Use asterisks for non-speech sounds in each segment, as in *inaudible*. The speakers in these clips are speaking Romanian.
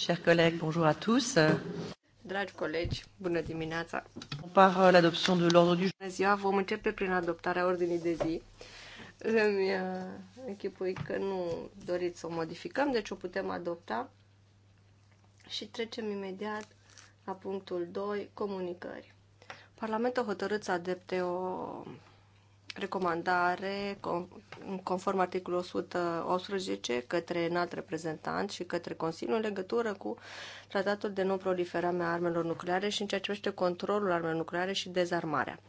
Chers collègues, bonjour à tous. Dragi colegi, bună dimineața. Par euh, l'adoption de l'ordre du jour. Ziua vom începe prin adoptarea ordinii de zi. Îmi uh, închipui că nu doriți să o modificăm, deci o putem adopta. Și trecem imediat la punctul 2, comunicări. Parlamentul a hotărât să adepte o recomandare conform articolul 118 către înalt reprezentant și către Consiliu în legătură cu tratatul de non-proliferare a armelor nucleare și în ceea ce privește controlul armelor nucleare și dezarmarea.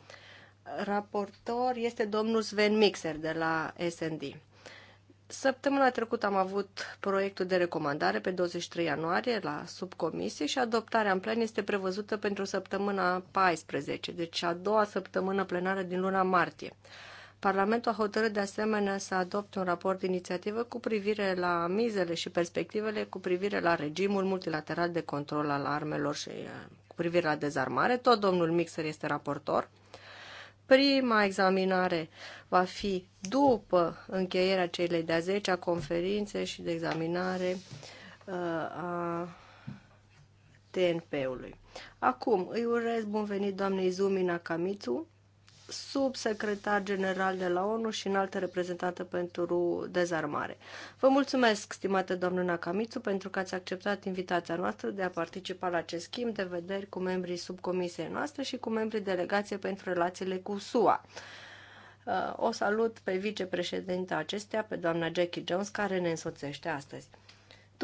Raportor este domnul Sven Mixer de la SND. Săptămâna trecută am avut proiectul de recomandare pe 23 ianuarie la subcomisie și adoptarea în plen este prevăzută pentru săptămâna 14, deci a doua săptămână plenară din luna martie. Parlamentul a hotărât de asemenea să adopte un raport de inițiativă cu privire la mizele și perspectivele cu privire la regimul multilateral de control al armelor și eh, cu privire la dezarmare. Tot domnul Mixer este raportor. Prima examinare va fi după încheierea celei de-a 10-a conferințe și de examinare uh, a TNP-ului. Acum, îi urez bun venit doamnei Zumina Camitu subsecretar general de la ONU și înaltă reprezentantă pentru dezarmare. Vă mulțumesc, stimată doamnă Nakamitsu, pentru că ați acceptat invitația noastră de a participa la acest schimb de vederi cu membrii subcomisiei noastre și cu membrii delegației pentru relațiile cu SUA. Uh, o salut pe vicepreședinta acestea, pe doamna Jackie Jones, care ne însoțește astăzi.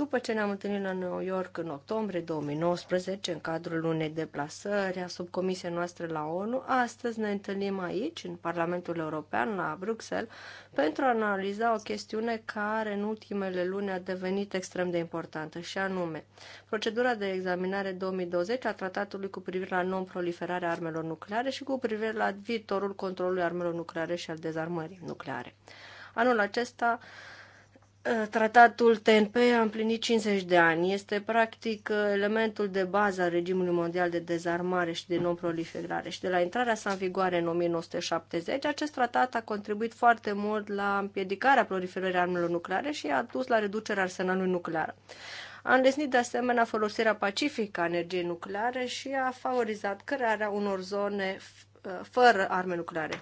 După ce ne-am întâlnit la New York în octombrie 2019, în cadrul unei deplasări a subcomisiei noastre la ONU, astăzi ne întâlnim aici, în Parlamentul European, la Bruxelles, pentru a analiza o chestiune care în ultimele luni a devenit extrem de importantă, și anume procedura de examinare 2020 a tratatului cu privire la non-proliferarea armelor nucleare și cu privire la viitorul controlului armelor nucleare și al dezarmării nucleare. Anul acesta, Eh, tratatul TNP a împlinit 50 de ani. Este practic eh, elementul de bază al regimului mondial de dezarmare și de non-proliferare. Și de la intrarea sa în vigoare în 1970, acest tratat a contribuit foarte mult la împiedicarea proliferării armelor nucleare și a dus la reducerea arsenalului nuclear. A îndesnit de asemenea folosirea pacifică a energiei nucleare și a favorizat crearea unor zone eh, fără arme nucleare.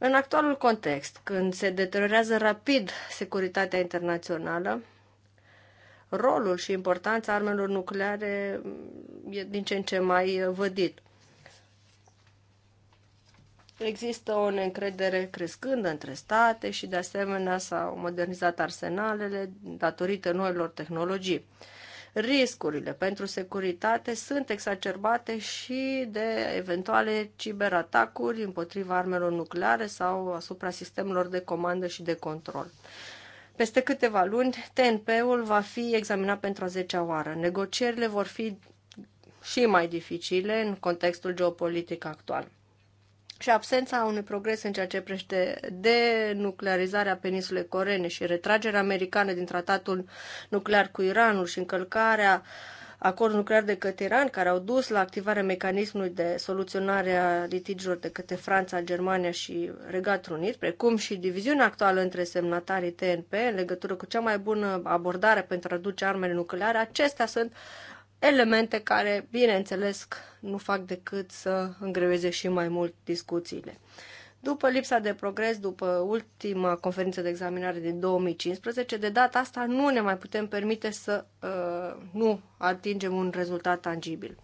În actualul context, când se deteriorează rapid securitatea internațională, rolul și importanța armelor nucleare e din ce în ce mai vădit. Există o neîncredere crescândă între state și, de asemenea, s-au modernizat arsenalele datorită noilor tehnologii riscurile pentru securitate sunt exacerbate și de eventuale ciberatacuri împotriva armelor nucleare sau asupra sistemelor de comandă și de control. Peste câteva luni, TNP-ul va fi examinat pentru a 10-a oară. Negocierile vor fi și mai dificile în contextul geopolitic actual și absența unui progres în ceea ce prește denuclearizarea peninsulei Corene și retragerea americană din tratatul nuclear cu Iranul și încălcarea acord nuclear de către Iran, care au dus la activarea mecanismului de soluționare a litigiilor de către Franța, Germania și Regatul Unit, precum și diviziunea actuală între semnatarii TNP în legătură cu cea mai bună abordare pentru a duce armele nucleare, acestea sunt elemente care, bineînțeles, nu fac decât să îngreveze și mai mult discuțiile. După lipsa de progres, după ultima conferință de examinare din 2015, de data asta nu ne mai putem permite să uh, nu atingem un rezultat tangibil.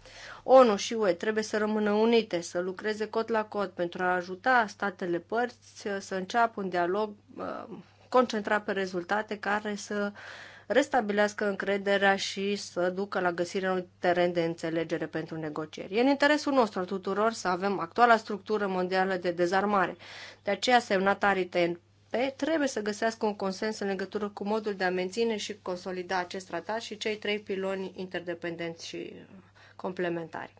ONU și UE trebuie să rămână unite, să lucreze cot la cot pentru a ajuta statele părți să înceapă un dialog uh, concentrat pe rezultate care să uh, restabilească încrederea și să ducă la găsirea unui teren de înțelegere pentru negocieri. E în interesul nostru al tuturor să avem actuala structură mondială de dezarmare. De aceea, semnatarii TNP trebuie să găsească un consens în legătură cu modul de a menține și consolida acest tratat și cei trei piloni interdependenți și complementari.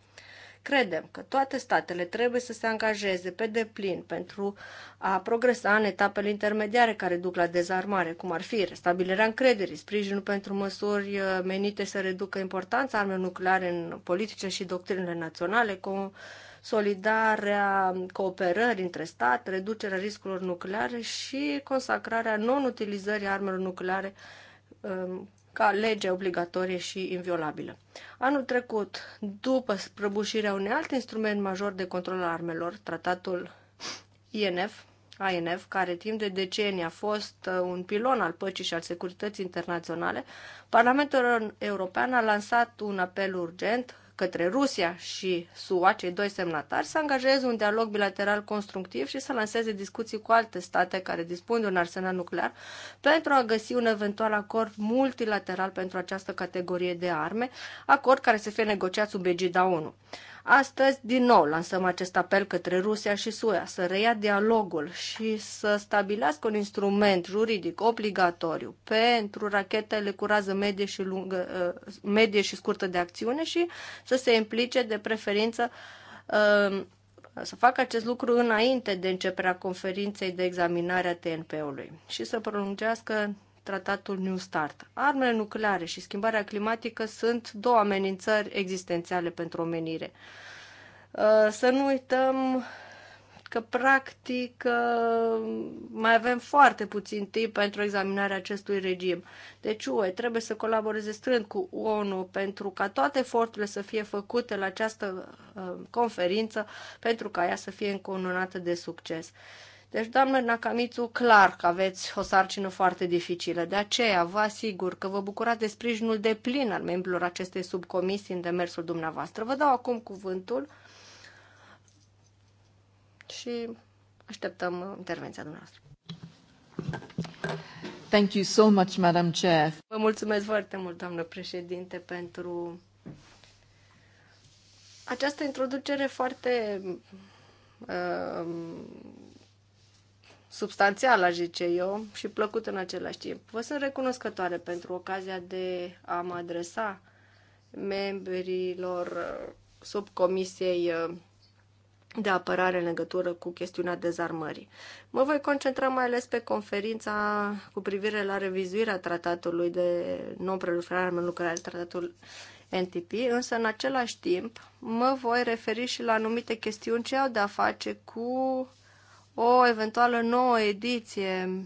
Credem că toate statele trebuie să se angajeze pe deplin pentru a progresa în etapele intermediare care duc la dezarmare, cum ar fi restabilirea încrederii, sprijinul pentru măsuri uh, menite să reducă importanța armelor nucleare în politice și doctrinele naționale, consolidarea cooperării între stat, reducerea riscurilor nucleare și consacrarea non-utilizării armelor nucleare um, ca lege obligatorie și inviolabilă. Anul trecut, după prăbușirea unui alt instrument major de control al armelor, tratatul INF, INF, care timp de decenii a fost uh, un pilon al păcii și al securității internaționale, Parlamentul European a lansat un apel urgent către Rusia și SUA, cei doi semnatari, să angajeze un dialog bilateral constructiv și să lanseze discuții cu alte state care dispun de un arsenal nuclear pentru a găsi un eventual acord multilateral pentru această categorie de arme, acord care să fie negociat sub egida ONU. Astăzi, din nou, lansăm acest apel către Rusia și SUA să reia dialogul și să stabilească un instrument juridic obligatoriu pentru rachetele cu rază medie și, lungă, uh, medie și scurtă de acțiune și să se implice de preferință uh, să facă acest lucru înainte de începerea conferinței de examinare a TNP-ului și să prolungească tratatul New Start. Armele nucleare și schimbarea climatică sunt două amenințări existențiale pentru omenire. Uh, să nu uităm că, practic, uh, mai avem foarte puțin timp pentru examinarea acestui regim. Deci UE trebuie să colaboreze strâng cu ONU pentru ca toate eforturile să fie făcute la această uh, conferință pentru ca ea să fie încununată de succes. Deci, doamnă Nakamitsu, clar că aveți o sarcină foarte dificilă. De aceea, vă asigur că vă bucurați de sprijinul de plin al membrilor acestei subcomisii în demersul dumneavoastră. Vă dau acum cuvântul și așteptăm intervenția dumneavoastră. Thank you so much, Madam Chair. Vă mulțumesc foarte mult, doamnă președinte, pentru această introducere foarte uh, substanțial, aș zice eu, și plăcut în același timp. Vă sunt recunoscătoare pentru ocazia de a mă adresa membrilor uh, subcomisiei uh, de apărare în legătură cu chestiunea dezarmării. Mă voi concentra mai ales pe conferința cu privire la revizuirea tratatului de non proliferare în lucrare, tratatul NTP, însă în același timp mă voi referi și la anumite chestiuni ce au de a face cu o eventuală nouă ediție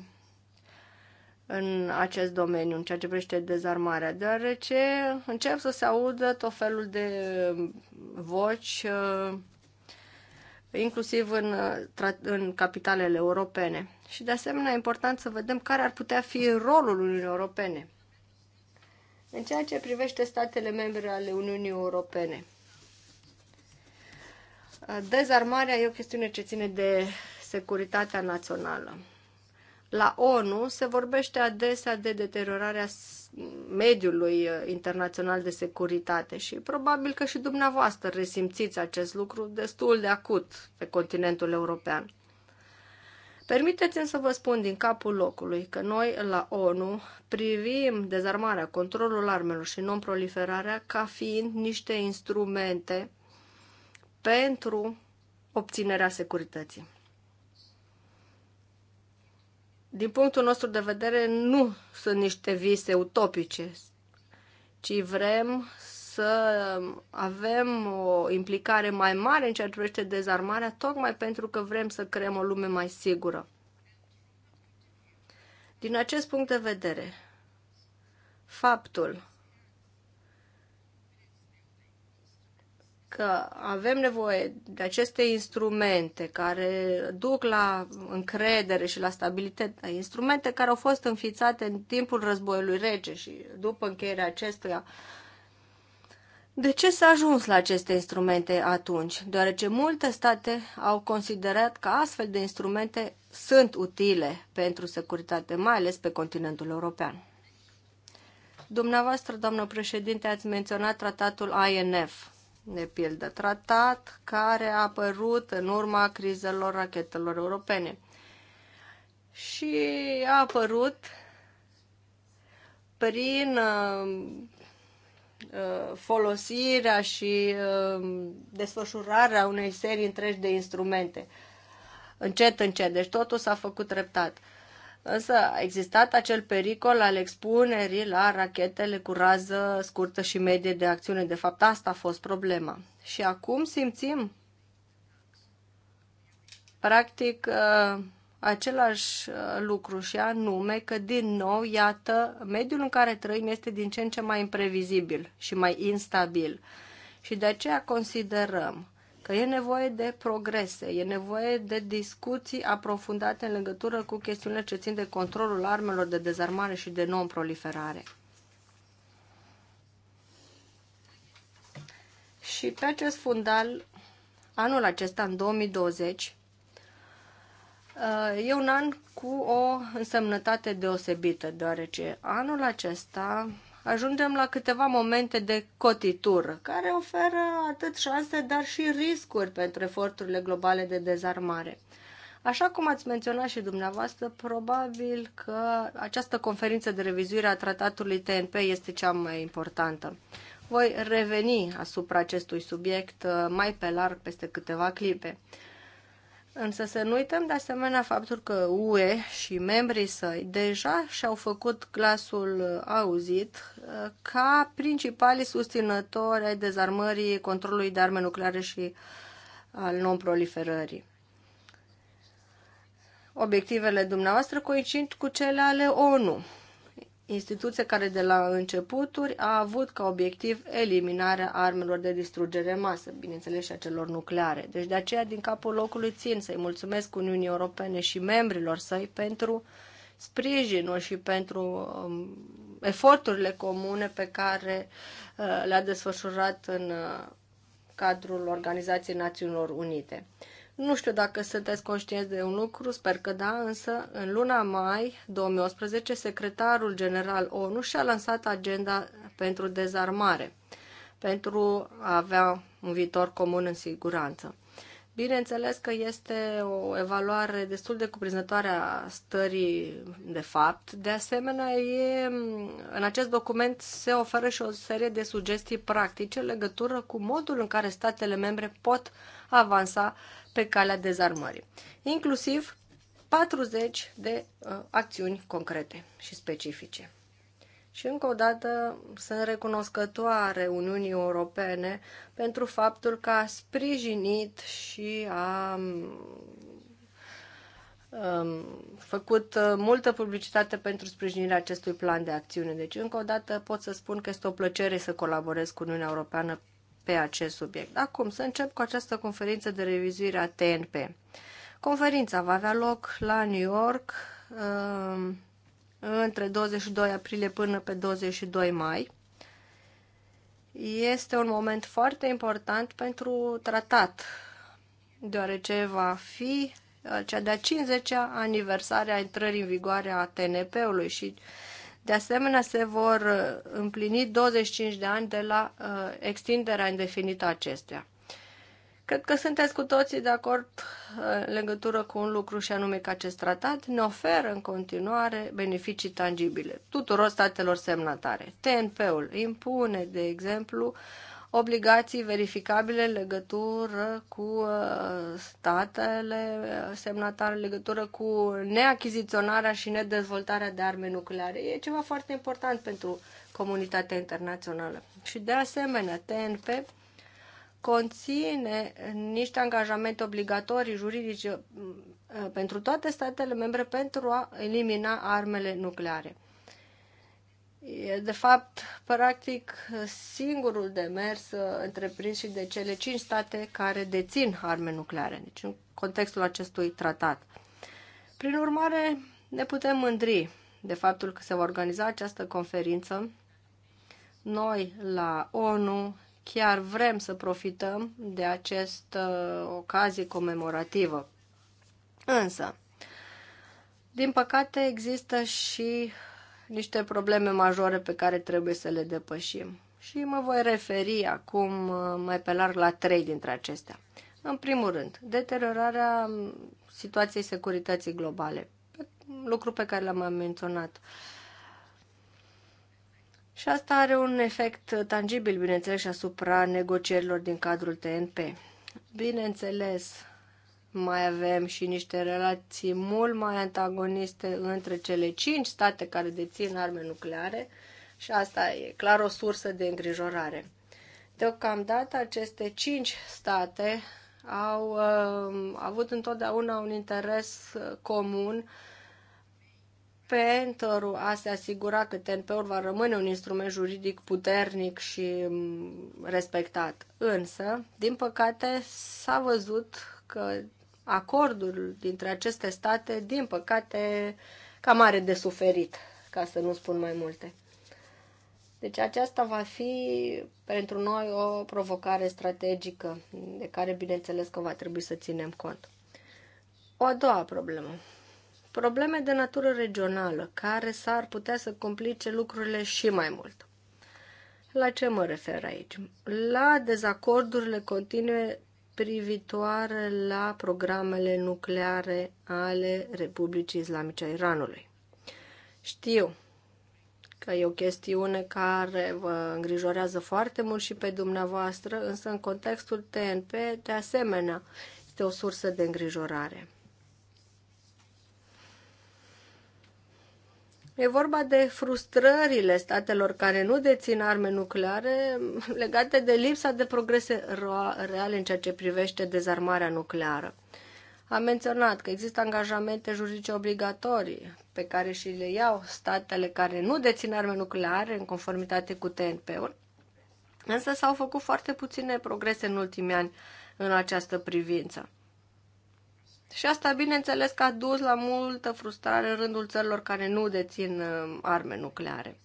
în acest domeniu, în ceea ce privește dezarmarea, deoarece încep să se audă tot felul de voci, uh, inclusiv în, uh, în capitalele europene. Și de asemenea e important să vedem care ar putea fi rolul Uniunii Europene în ceea ce privește statele membre ale Uniunii Europene. Uh, dezarmarea e o chestiune ce ține de securitatea națională. La ONU se vorbește adesea de deteriorarea mediului uh, internațional de securitate și probabil că și dumneavoastră resimțiți acest lucru destul de acut pe continentul european. Permiteți-mi să vă spun din capul locului că noi la ONU privim dezarmarea, controlul armelor și non-proliferarea ca fiind niște instrumente pentru obținerea securității. Din punctul nostru de vedere, nu sunt niște vise utopice, ci vrem să avem o implicare mai mare în ceea ce privește dezarmarea, tocmai pentru că vrem să creăm o lume mai sigură. Din acest punct de vedere, faptul că avem nevoie de aceste instrumente care duc la încredere și la stabilitate, instrumente care au fost înfițate în timpul războiului rece și după încheierea acestuia, de ce s-a ajuns la aceste instrumente atunci? Deoarece multe state au considerat că astfel de instrumente sunt utile pentru securitate, mai ales pe continentul european. Dumneavoastră, doamnă președinte, ați menționat tratatul INF, de pildă, tratat care a apărut în urma crizelor rachetelor europene. Și a apărut prin uh, uh, folosirea și uh, desfășurarea unei serii întregi de instrumente. Încet, încet. Deci totul s-a făcut treptat. Uh, însă a existat acel pericol al expunerii la rachetele cu rază scurtă și medie de acțiune. De fapt, asta a fost problema. Și acum simțim practic uh, același uh, lucru și anume că din nou, iată, mediul în care trăim este din ce în ce mai imprevizibil și mai instabil. Și de aceea considerăm că e nevoie de progrese, e nevoie de discuții aprofundate în legătură cu chestiunile ce țin de controlul armelor de dezarmare și de non-proliferare. Și pe acest fundal, anul acesta, în 2020, uh, e un an cu o însemnătate deosebită, deoarece anul acesta ajungem la câteva momente de cotitură, care oferă atât șanse, dar și riscuri pentru eforturile globale de dezarmare. Așa cum ați menționat și dumneavoastră, probabil că această conferință de revizuire a tratatului TNP este cea mai importantă. Voi reveni asupra acestui subiect uh, mai pe larg peste câteva clipe. Însă să nu uităm de asemenea faptul că UE și membrii săi deja și-au făcut glasul auzit uh, ca principalii susținători ai dezarmării controlului de arme nucleare și al non-proliferării. Obiectivele dumneavoastră coincid cu cele ale ONU instituție care de la începuturi a avut ca obiectiv eliminarea armelor de distrugere în masă, bineînțeles și a celor nucleare. Deci de aceea din capul locului țin să-i mulțumesc Uniunii Europene și membrilor săi pentru sprijinul și pentru um, eforturile comune pe care uh, le-a desfășurat în uh, cadrul Organizației Națiunilor Unite. Uh, nu știu dacă sunteți conștienți de un lucru, sper că da, însă în luna mai 2018 secretarul general ONU și-a lansat agenda pentru dezarmare, pentru a avea un viitor comun în siguranță. Bineînțeles că este o evaluare destul de cuprinzătoare a stării de fapt. De asemenea, e, în acest document se oferă și o serie de sugestii practice în legătură cu modul în care statele membre pot avansa uh, pe calea dezarmării, inclusiv 40 de uh, acțiuni concrete și specifice. Și încă o dată sunt recunoscătoare Uniunii Europene pentru faptul că a sprijinit și a um, um făcut uh, multă publicitate pentru sprijinirea acestui plan de acțiune. Deci, încă o dată pot să spun că este o plăcere să colaborez cu Uniunea Europeană pe acest subiect. Acum, să încep cu această conferință de revizuire a TNP. Conferința va avea loc la New York um, între 22 aprilie până pe 22 mai. Este un moment foarte important pentru tratat, deoarece va fi uh, cea de-a 50-a aniversare a intrării în vigoare a TNP-ului și uh, de asemenea, se vor uh, împlini 25 de ani de la uh, extinderea indefinită a Cred că sunteți cu toții de acord uh, în legătură cu un lucru și anume că acest tratat ne oferă în continuare beneficii tangibile tuturor statelor semnatare. TNP-ul impune, de exemplu, obligații verificabile legătură cu uh, statele uh, semnatare, legătură cu neachiziționarea și nedezvoltarea de arme nucleare. E ceva foarte important pentru comunitatea internațională. Și de asemenea, TNP conține niște angajamente obligatorii juridice mm, pentru toate statele membre pentru a elimina armele nucleare. E, de fapt, practic, singurul demers uh, întreprins și de cele cinci state care dețin arme nucleare, deci în contextul acestui tratat. Prin urmare, ne putem mândri de faptul că se va organiza această conferință. Noi, la ONU, chiar vrem să profităm de această ocazie comemorativă. Însă, din păcate, există și niște probleme majore pe care trebuie să le depășim. Și mă voi referi acum uh, mai pe larg la trei dintre acestea. În primul rând, deteriorarea mm, situației securității globale, lucru pe care l-am menționat. Și asta are un efect tangibil, bineînțeles, și asupra negocierilor din cadrul TNP. Bineînțeles, mai avem și niște relații mult mai antagoniste între cele cinci state care dețin arme nucleare și asta e clar o sursă de îngrijorare. Deocamdată aceste cinci state au uh, avut întotdeauna un interes uh, comun pentru a se asigura că TNP-ul va rămâne un instrument juridic puternic și um, respectat. Însă, din păcate, s-a văzut că acordul dintre aceste state, din păcate, cam are de suferit, ca să nu spun mai multe. Deci aceasta va fi pentru noi o provocare strategică de care bineînțeles că va trebui să ținem cont. O a doua problemă. Probleme de natură regională care s-ar putea să complice lucrurile și mai mult. La ce mă refer aici? La dezacordurile continue privitoare la programele nucleare ale Republicii Islamice a Iranului. Știu că e o chestiune care vă îngrijorează foarte mult și pe dumneavoastră, însă în contextul TNP, de asemenea, este o sursă de îngrijorare. E vorba de frustrările statelor care nu dețin arme nucleare *laughs* legate de lipsa de progrese reale în ceea ce privește dezarmarea nucleară. Am menționat că există angajamente juridice obligatorii pe care și le iau statele care nu dețin arme nucleare în conformitate cu TNP-ul, însă s-au făcut foarte puține progrese în ultimii ani în această privință. Și asta, bineînțeles, că a dus la multă frustrare în rândul țărilor care nu dețin uh, arme nucleare.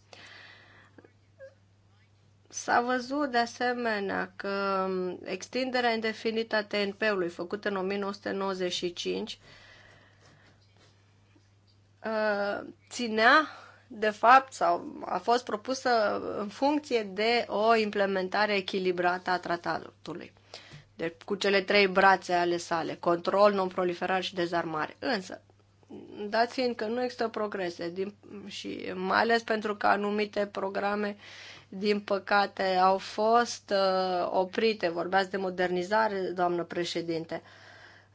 S-a văzut de asemenea că um, extinderea indefinită a TNP-ului făcută în 1995 uh, ținea de fapt, sau a fost propusă în funcție de o implementare echilibrată a tratatului. Deci cu cele trei brațe ale sale, control, non-proliferare și dezarmare. Însă, dat fiind că nu există progrese din, și mai ales pentru că anumite programe din păcate au fost uh, oprite, vorbeați de modernizare, doamnă președinte.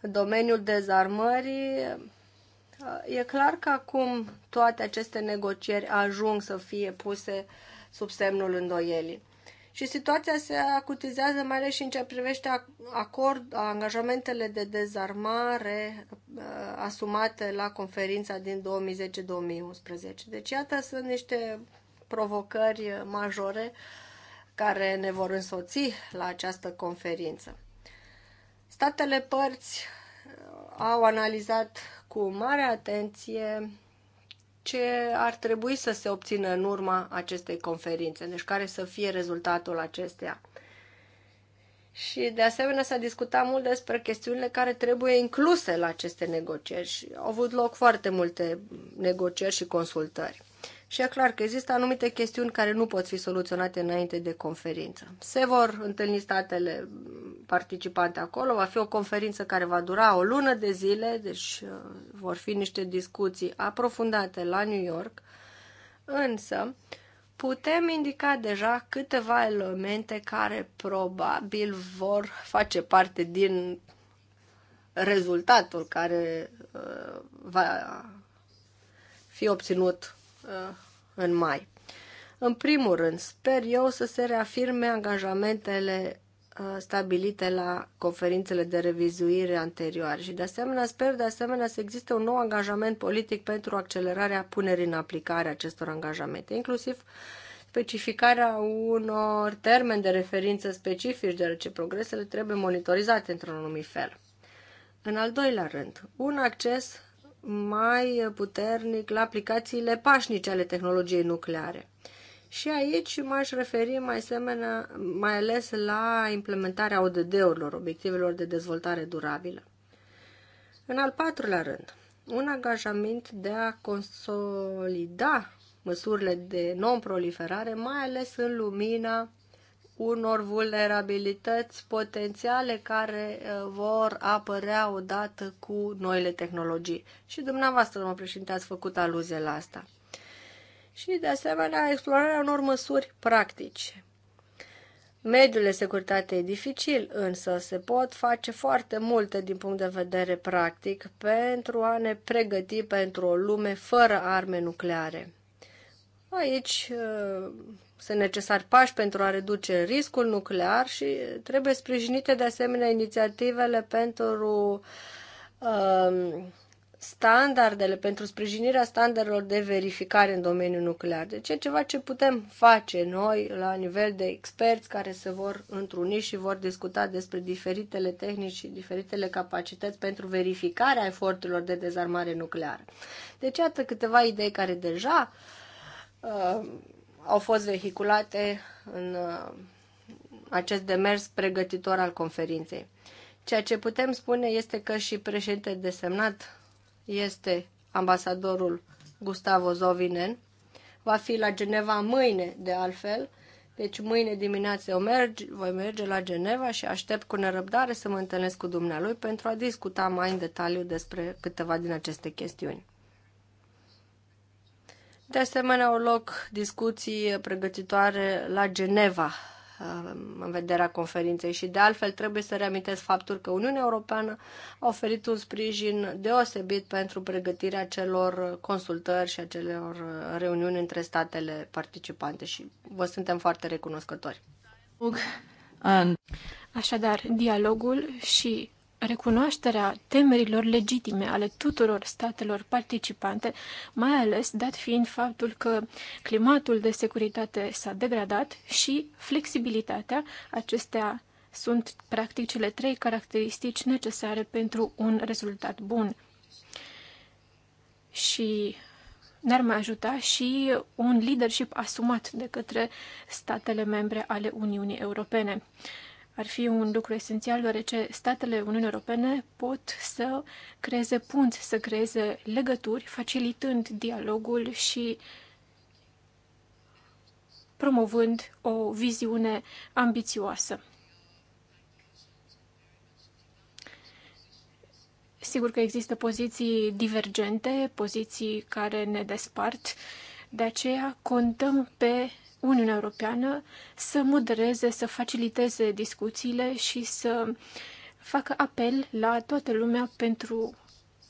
domeniul dezarmării uh, e clar că acum toate aceste negocieri ajung să fie puse sub semnul îndoielii. Și situația se acutizează mai ales și în ce privește acord, angajamentele de dezarmare uh, asumate la conferința din 2010-2011. Deci iată sunt niște provocări majore care ne vor însoți la această conferință. Statele părți uh, au analizat cu mare atenție ce ar trebui să se obțină în urma acestei conferințe, deci care să fie rezultatul acesteia. Și de asemenea s-a discutat mult despre chestiunile care trebuie incluse la aceste negocieri și au avut loc foarte multe negocieri și consultări. Și e clar că există anumite chestiuni care nu pot fi soluționate înainte de conferință. Se vor întâlni statele participante acolo, va fi o conferință care va dura o lună de zile, deci uh, vor fi niște discuții aprofundate la New York, însă putem indica deja câteva elemente care probabil vor face parte din rezultatul care uh, va fi obținut Uh, în mai. În primul rând, sper eu să se reafirme angajamentele uh, stabilite la conferințele de revizuire anterioare și de asemenea sper de asemenea să existe un nou angajament politic pentru accelerarea punerii în aplicare acestor angajamente, inclusiv specificarea unor termeni de referință specifici, deoarece progresele trebuie monitorizate într-un anumit fel. În al doilea rând, un acces mai puternic la aplicațiile pașnice ale tehnologiei nucleare. Și aici m-aș referi mai, semenea, mai ales la implementarea ODD-urilor, obiectivelor de dezvoltare durabilă. În al patrulea rând, un angajament de a consolida măsurile de non-proliferare, mai ales în lumina unor vulnerabilități potențiale care uh, vor apărea odată cu noile tehnologii. Și dumneavoastră, domnul președinte, ați făcut aluzie la asta. Și, de asemenea, explorarea unor măsuri practice. Mediul de securitate e dificil, însă se pot face foarte multe din punct de vedere practic pentru a ne pregăti pentru o lume fără arme nucleare. Aici uh, sunt necesari pași pentru a reduce riscul nuclear și trebuie sprijinite de asemenea inițiativele pentru uh, standardele, pentru sprijinirea standardelor de verificare în domeniul nuclear. Deci e ceva ce putem face noi la nivel de experți care se vor întruni și vor discuta despre diferitele tehnici și diferitele capacități pentru verificarea eforturilor de dezarmare nucleară. Deci iată câteva idei care deja uh, uh, au fost vehiculate în uh, acest demers pregătitor al conferinței. Ceea ce putem spune este că și președinte desemnat este ambasadorul Gustavo Zovinen. Va fi la Geneva mâine, de altfel. Deci mâine dimineață eu merg, voi merge la Geneva și aștept cu nerăbdare să mă întâlnesc cu dumnealui pentru a discuta mai în detaliu despre câteva din aceste chestiuni. De asemenea, au loc discuții pregătitoare la Geneva um, în vederea conferinței și de altfel trebuie să reamintesc faptul că Uniunea Europeană a oferit un sprijin deosebit pentru pregătirea celor consultări și acelor reuniuni între statele participante și vă suntem foarte recunoscători. Așadar, dialogul și recunoașterea temerilor legitime ale tuturor statelor participante, mai ales dat fiind faptul că climatul de securitate s-a degradat și flexibilitatea, acestea sunt practic cele trei caracteristici necesare pentru un rezultat bun. Și ne-ar mai ajuta și un leadership asumat de către statele membre ale Uniunii Europene ar fi un lucru esențial, deoarece statele Uniunii Europene pot să creeze punți, să creeze legături, facilitând dialogul și promovând o viziune ambițioasă. Sigur că există poziții divergente, poziții care ne despart, de aceea contăm pe Uniunea Europeană să modereze, să faciliteze discuțiile și să facă apel la toată lumea pentru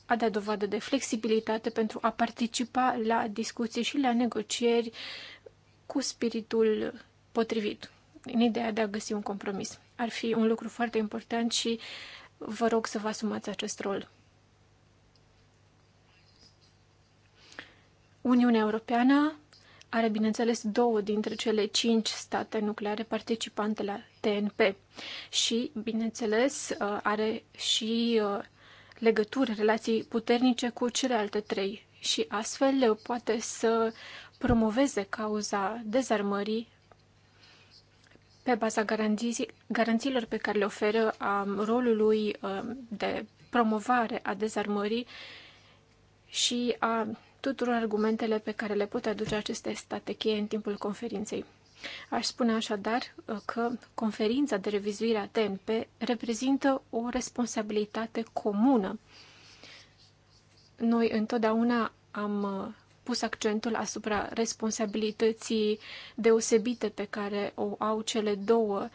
a da dovadă de flexibilitate, pentru a participa la discuții și la negocieri cu spiritul potrivit, în ideea de a găsi un compromis. Ar fi un lucru foarte important și vă rog să vă asumați acest rol. Uniunea Europeană are, bineînțeles, două dintre cele cinci state nucleare participante la TNP și, bineînțeles, uh, are și uh, legături, relații puternice cu celelalte trei și astfel uh, poate să promoveze cauza dezarmării pe baza garanțiilor pe care le oferă a um, rolului um, de promovare a dezarmării și a tuturor argumentele pe care le pot aduce aceste state cheie în timpul conferinței. Aș spune așadar uh, că conferința de revizuire a TNP reprezintă o responsabilitate comună. Noi întotdeauna am uh, pus accentul asupra responsabilității deosebite pe care o au cele două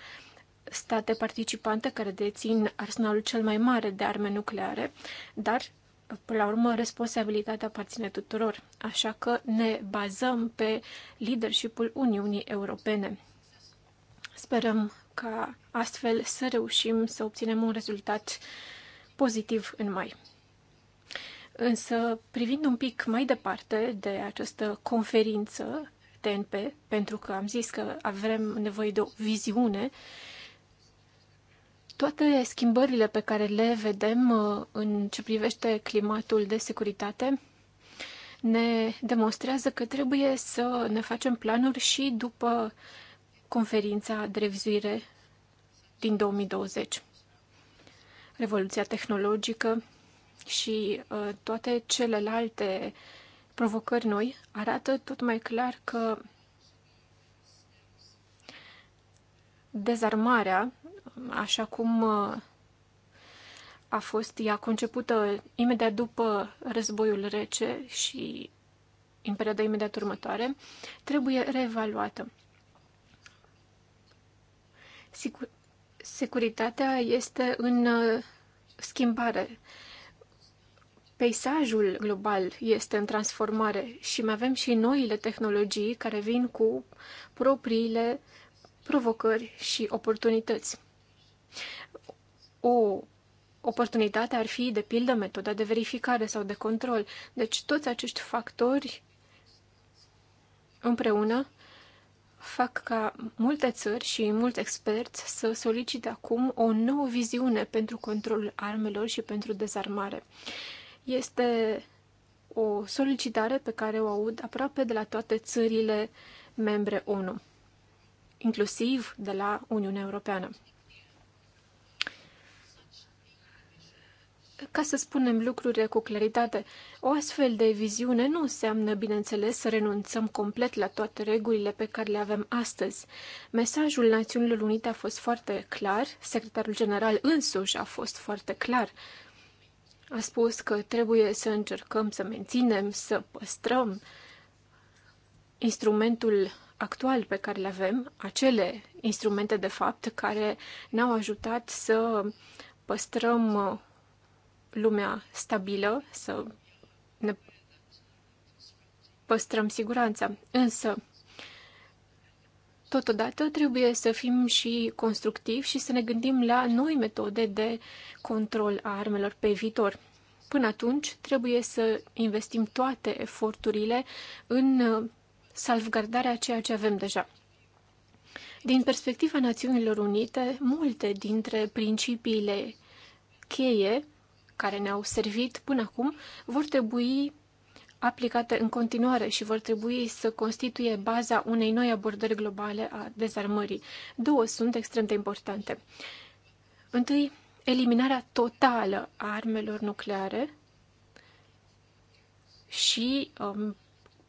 state participante care dețin arsenalul cel mai mare de arme nucleare, dar Până la urmă, responsabilitatea aparține tuturor, așa că ne bazăm pe leadership-ul Uniunii Europene. Sperăm ca astfel să reușim să obținem un rezultat pozitiv în mai. Însă, privind un pic mai departe de această conferință TNP, pentru că am zis că avem nevoie de o viziune, uh, toate schimbările pe care le vedem uh, în ce privește climatul de securitate ne demonstrează că trebuie să ne facem planuri și după conferința de revizuire din 2020. Revoluția tehnologică și uh, toate celelalte provocări noi arată tot mai clar că dezarmarea așa cum uh, a fost ea concepută imediat după războiul rece și în perioada imediat următoare, trebuie reevaluată. Sigur, securitatea este în uh, schimbare. Peisajul global este în transformare și mai avem și noile tehnologii care vin cu propriile provocări și oportunități. O oportunitate ar fi, de pildă, metoda de verificare sau de control. Deci toți acești factori împreună fac ca multe țări și mulți experți să solicite acum o nouă viziune pentru controlul armelor și pentru dezarmare. Este o solicitare pe care o aud aproape de la toate țările membre ONU, inclusiv de la Uniunea Europeană. ca să spunem lucrurile cu claritate. O astfel de viziune nu înseamnă, bineînțeles, să renunțăm complet la toate regulile pe care le avem astăzi. Mesajul Națiunilor Unite a fost foarte clar, secretarul general însuși a fost foarte clar. A spus că trebuie să încercăm să menținem, să păstrăm instrumentul actual pe care le avem, acele instrumente de fapt care ne-au ajutat să păstrăm lumea stabilă, să ne păstrăm siguranța. Însă, totodată, trebuie să fim și constructivi și să ne gândim la noi metode de control a armelor pe viitor. Până atunci, trebuie să investim toate eforturile în uh, salvgardarea a ceea ce avem deja. Din perspectiva Națiunilor Unite, multe dintre principiile cheie care ne-au servit până acum vor trebui aplicate în continuare și vor trebui să constituie baza unei noi abordări globale a dezarmării. Două sunt extrem de importante. Întâi, eliminarea totală a armelor nucleare și um,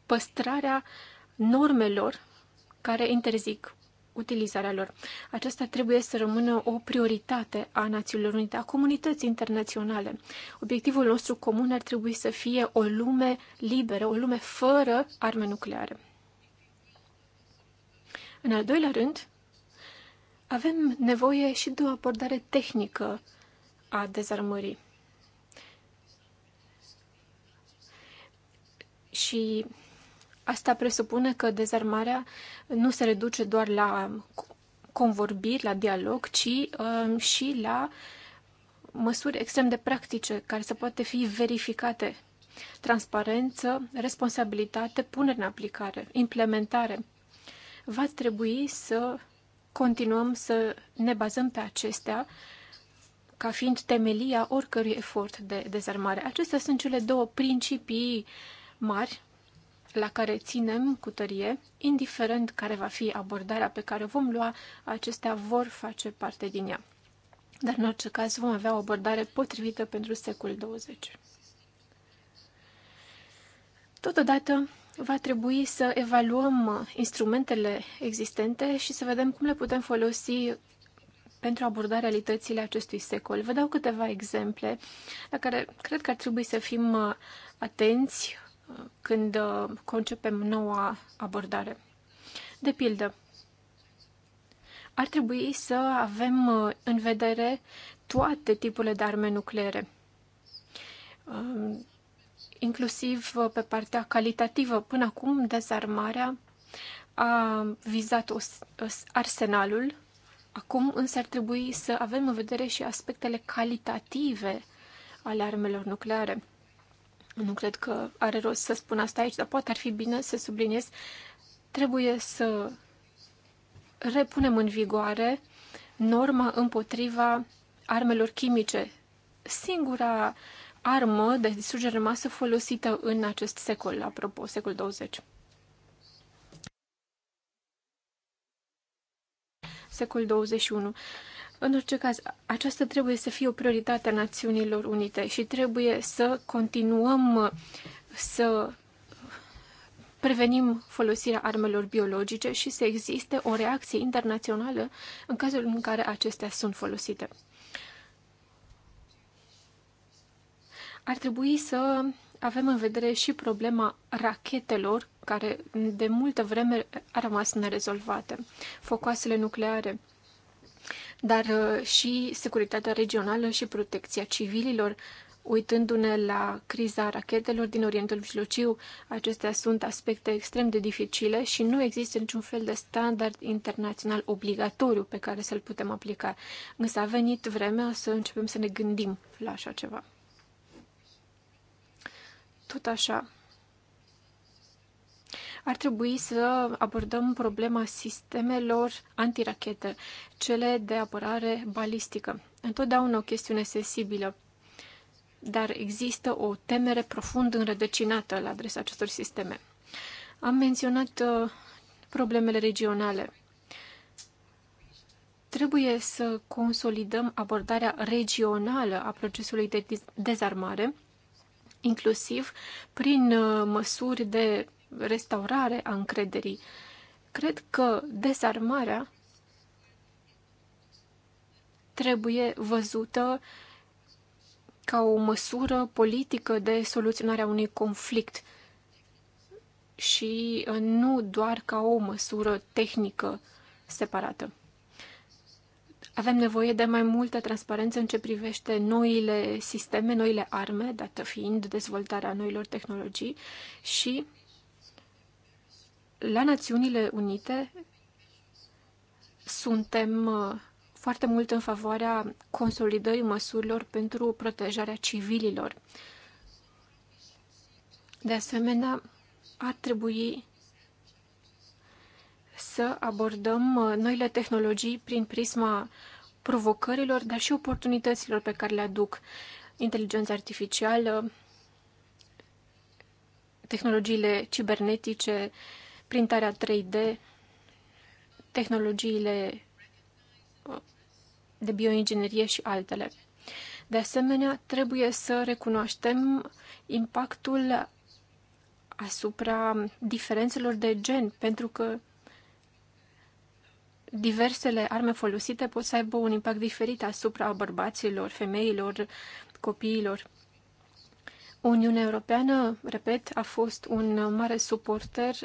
păstrarea normelor care interzic utilizarea lor. Aceasta trebuie să rămână o prioritate a Națiunilor Unite, a comunității internaționale. Obiectivul nostru comun ar trebui să fie o lume liberă, o lume fără arme nucleare. În al doilea rând, avem nevoie și de o abordare tehnică a dezarmării. Și Asta presupune că dezarmarea nu se reduce doar la convorbiri, la dialog, ci uh, și la măsuri extrem de practice care să poate fi verificate. Transparență, responsabilitate, punere în aplicare, implementare. Va trebui să continuăm să ne bazăm pe acestea ca fiind temelia oricărui efort de dezarmare. Acestea sunt cele două principii mari la care ținem cu tărie, indiferent care va fi abordarea pe care o vom lua, acestea vor face parte din ea. Dar în orice caz vom avea o abordare potrivită pentru secolul 20. Totodată, va trebui să evaluăm instrumentele existente și să vedem cum le putem folosi pentru a aborda realitățile acestui secol. Vă dau câteva exemple la care cred că ar trebui să fim atenți când uh, concepem noua abordare. De pildă, ar trebui să avem uh, în vedere toate tipurile de arme nucleare, um, inclusiv uh, pe partea calitativă. Până acum, dezarmarea a vizat arsenalul, acum însă ar trebui să avem în vedere și aspectele calitative ale armelor nucleare. Nu cred că are rost să spun asta aici, dar poate ar fi bine să subliniez. Trebuie să repunem în vigoare norma împotriva armelor chimice, singura armă de distrugere masă folosită în acest secol, apropo, secol 20. Secol 21. În orice caz, aceasta trebuie să fie o prioritate a Națiunilor Unite și trebuie să continuăm uh, să prevenim folosirea armelor biologice și să existe o reacție internațională în cazul în care acestea sunt folosite. Ar trebui să avem în vedere și problema rachetelor, care de multă vreme a rămas nerezolvate, focoasele nucleare dar uh, și securitatea regională și protecția civililor. Uitându-ne la criza rachetelor din Orientul Mijlociu, acestea sunt aspecte extrem de dificile și nu există niciun fel de standard internațional obligatoriu pe care să-l putem aplica. Însă a venit vremea să începem să ne gândim la așa ceva. Tot așa, ar trebui să abordăm problema sistemelor antirachetă, cele de apărare balistică. Întotdeauna o chestiune sensibilă, dar există o temere profund înrădăcinată la adresa acestor sisteme. Am menționat uh, problemele regionale. Trebuie să consolidăm abordarea regională a procesului de dezarmare, inclusiv prin uh, măsuri de restaurare a încrederii. Cred că desarmarea trebuie văzută ca o măsură politică de soluționare a unui conflict și uh, nu doar ca o măsură tehnică separată. Avem nevoie de mai multă transparență în ce privește noile sisteme, noile arme, dată fiind dezvoltarea noilor tehnologii și la Națiunile Unite suntem uh, foarte mult în favoarea consolidării măsurilor pentru protejarea civililor. De asemenea, ar trebui să abordăm uh, noile tehnologii prin prisma provocărilor, dar și oportunităților pe care le aduc inteligența artificială, tehnologiile cibernetice, printarea 3D, tehnologiile de bioinginerie și altele. De asemenea, trebuie să recunoaștem impactul asupra diferențelor de gen, pentru că diversele arme folosite pot să aibă un impact diferit asupra bărbaților, femeilor, copiilor. Uniunea Europeană, repet, a fost un mare suporter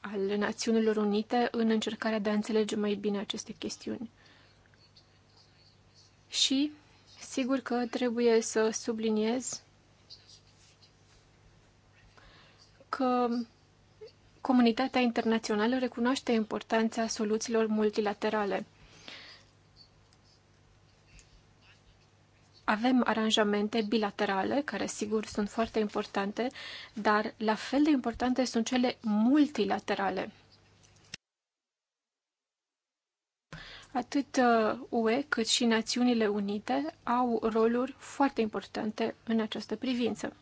al Națiunilor Unite în încercarea de a înțelege mai bine aceste chestiuni. Și sigur că trebuie să subliniez că comunitatea internațională recunoaște importanța soluțiilor multilaterale – avem aranjamente bilaterale, care sigur sunt foarte importante, dar la fel de importante sunt cele multilaterale. Atât uh, UE cât și Națiunile Unite au roluri foarte importante în această privință.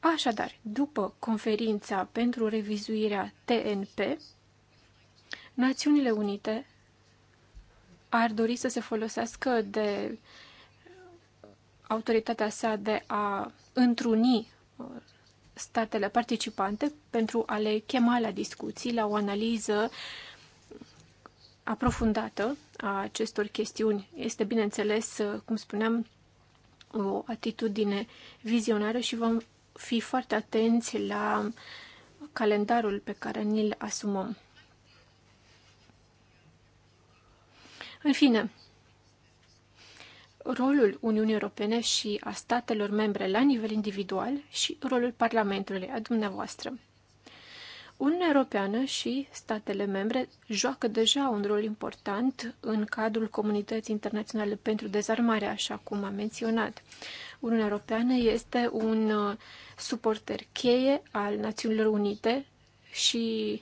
Așadar, după conferința pentru revizuirea TNP, Națiunile Unite ar dori să se folosească de autoritatea sa de a întruni uh, statele participante pentru a le chema la discuții, la o analiză aprofundată a acestor chestiuni. Este, bineînțeles, uh, cum spuneam, o atitudine vizionară și vom fi foarte atenți la calendarul pe care ni-l asumăm. În fine, rolul Uniunii Europene și a statelor membre la nivel individual și rolul Parlamentului, a dumneavoastră. Uniunea Europeană și statele membre joacă deja un rol important în cadrul comunității internaționale pentru dezarmare, așa cum am menționat. Uniunea Europeană este un uh, suporter cheie al Națiunilor Unite și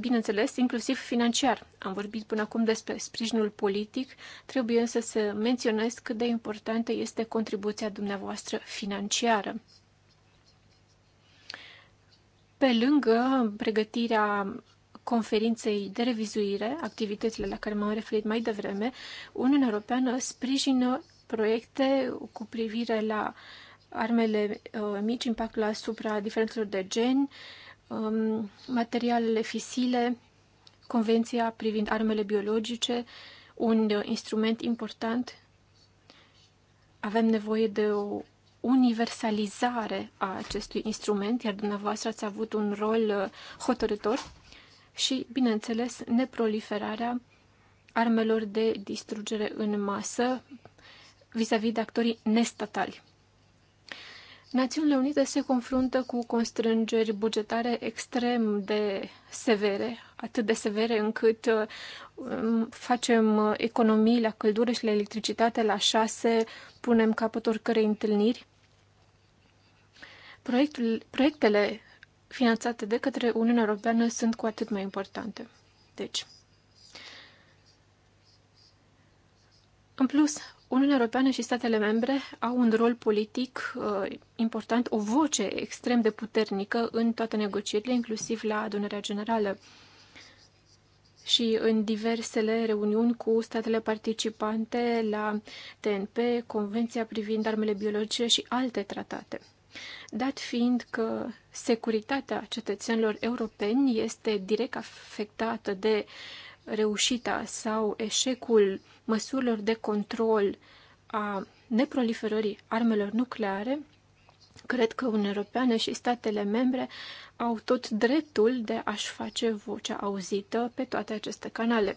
bineînțeles, inclusiv financiar. Am vorbit până acum despre sprijinul politic, trebuie însă să menționez cât de importantă este contribuția dumneavoastră financiară. Pe lângă pregătirea conferinței de revizuire, activitățile la care m-am referit mai devreme, Uniunea Europeană sprijină proiecte cu privire la armele uh, mici, impactul asupra diferențelor de gen, uh, um, materialele fisile, Convenția privind armele biologice, un uh, instrument important. Avem nevoie de o universalizare a acestui instrument, iar dumneavoastră ați avut un rol uh, hotărător și, bineînțeles, neproliferarea armelor de distrugere în masă vis-a-vis -vis de actorii nestatali. Națiunile Unite se confruntă cu constrângeri bugetare extrem de severe, atât de severe încât um, facem uh, economii la căldură și la electricitate la șase, punem capăt oricărei întâlniri. Proiectul, proiectele finanțate de către Uniunea Europeană sunt cu atât mai importante. Deci, în plus, Uniunea Europeană și statele membre au un rol politic uh, important, o voce extrem de puternică în toate negocierile, inclusiv la adunarea generală și în diversele reuniuni cu statele participante la TNP, Convenția privind armele biologice și alte tratate. Dat fiind că securitatea cetățenilor europeni este direct afectată de uh, reușita sau eșecul măsurilor de control a neproliferării armelor nucleare, cred că Uniunea Europeană și statele membre au tot dreptul de a-și face vocea auzită pe toate aceste canale.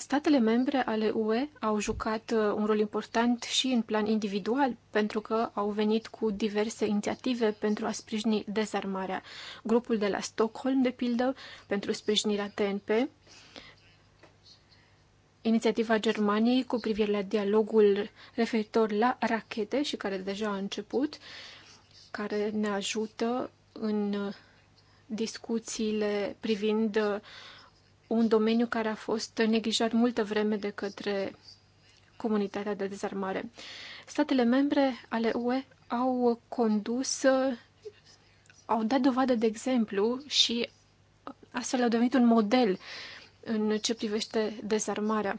Statele membre ale UE au jucat uh, un rol important și în plan individual, pentru că au venit cu diverse inițiative pentru a sprijini dezarmarea. Grupul de la Stockholm, de pildă, pentru sprijinirea TNP, inițiativa Germaniei cu privire la dialogul referitor la rachete și care deja a început, care ne ajută în uh, discuțiile privind uh, un domeniu care a fost neglijat multă vreme de către comunitatea de dezarmare. Statele membre ale UE au condus, au dat dovadă de exemplu și astfel au devenit un model în ce privește dezarmarea.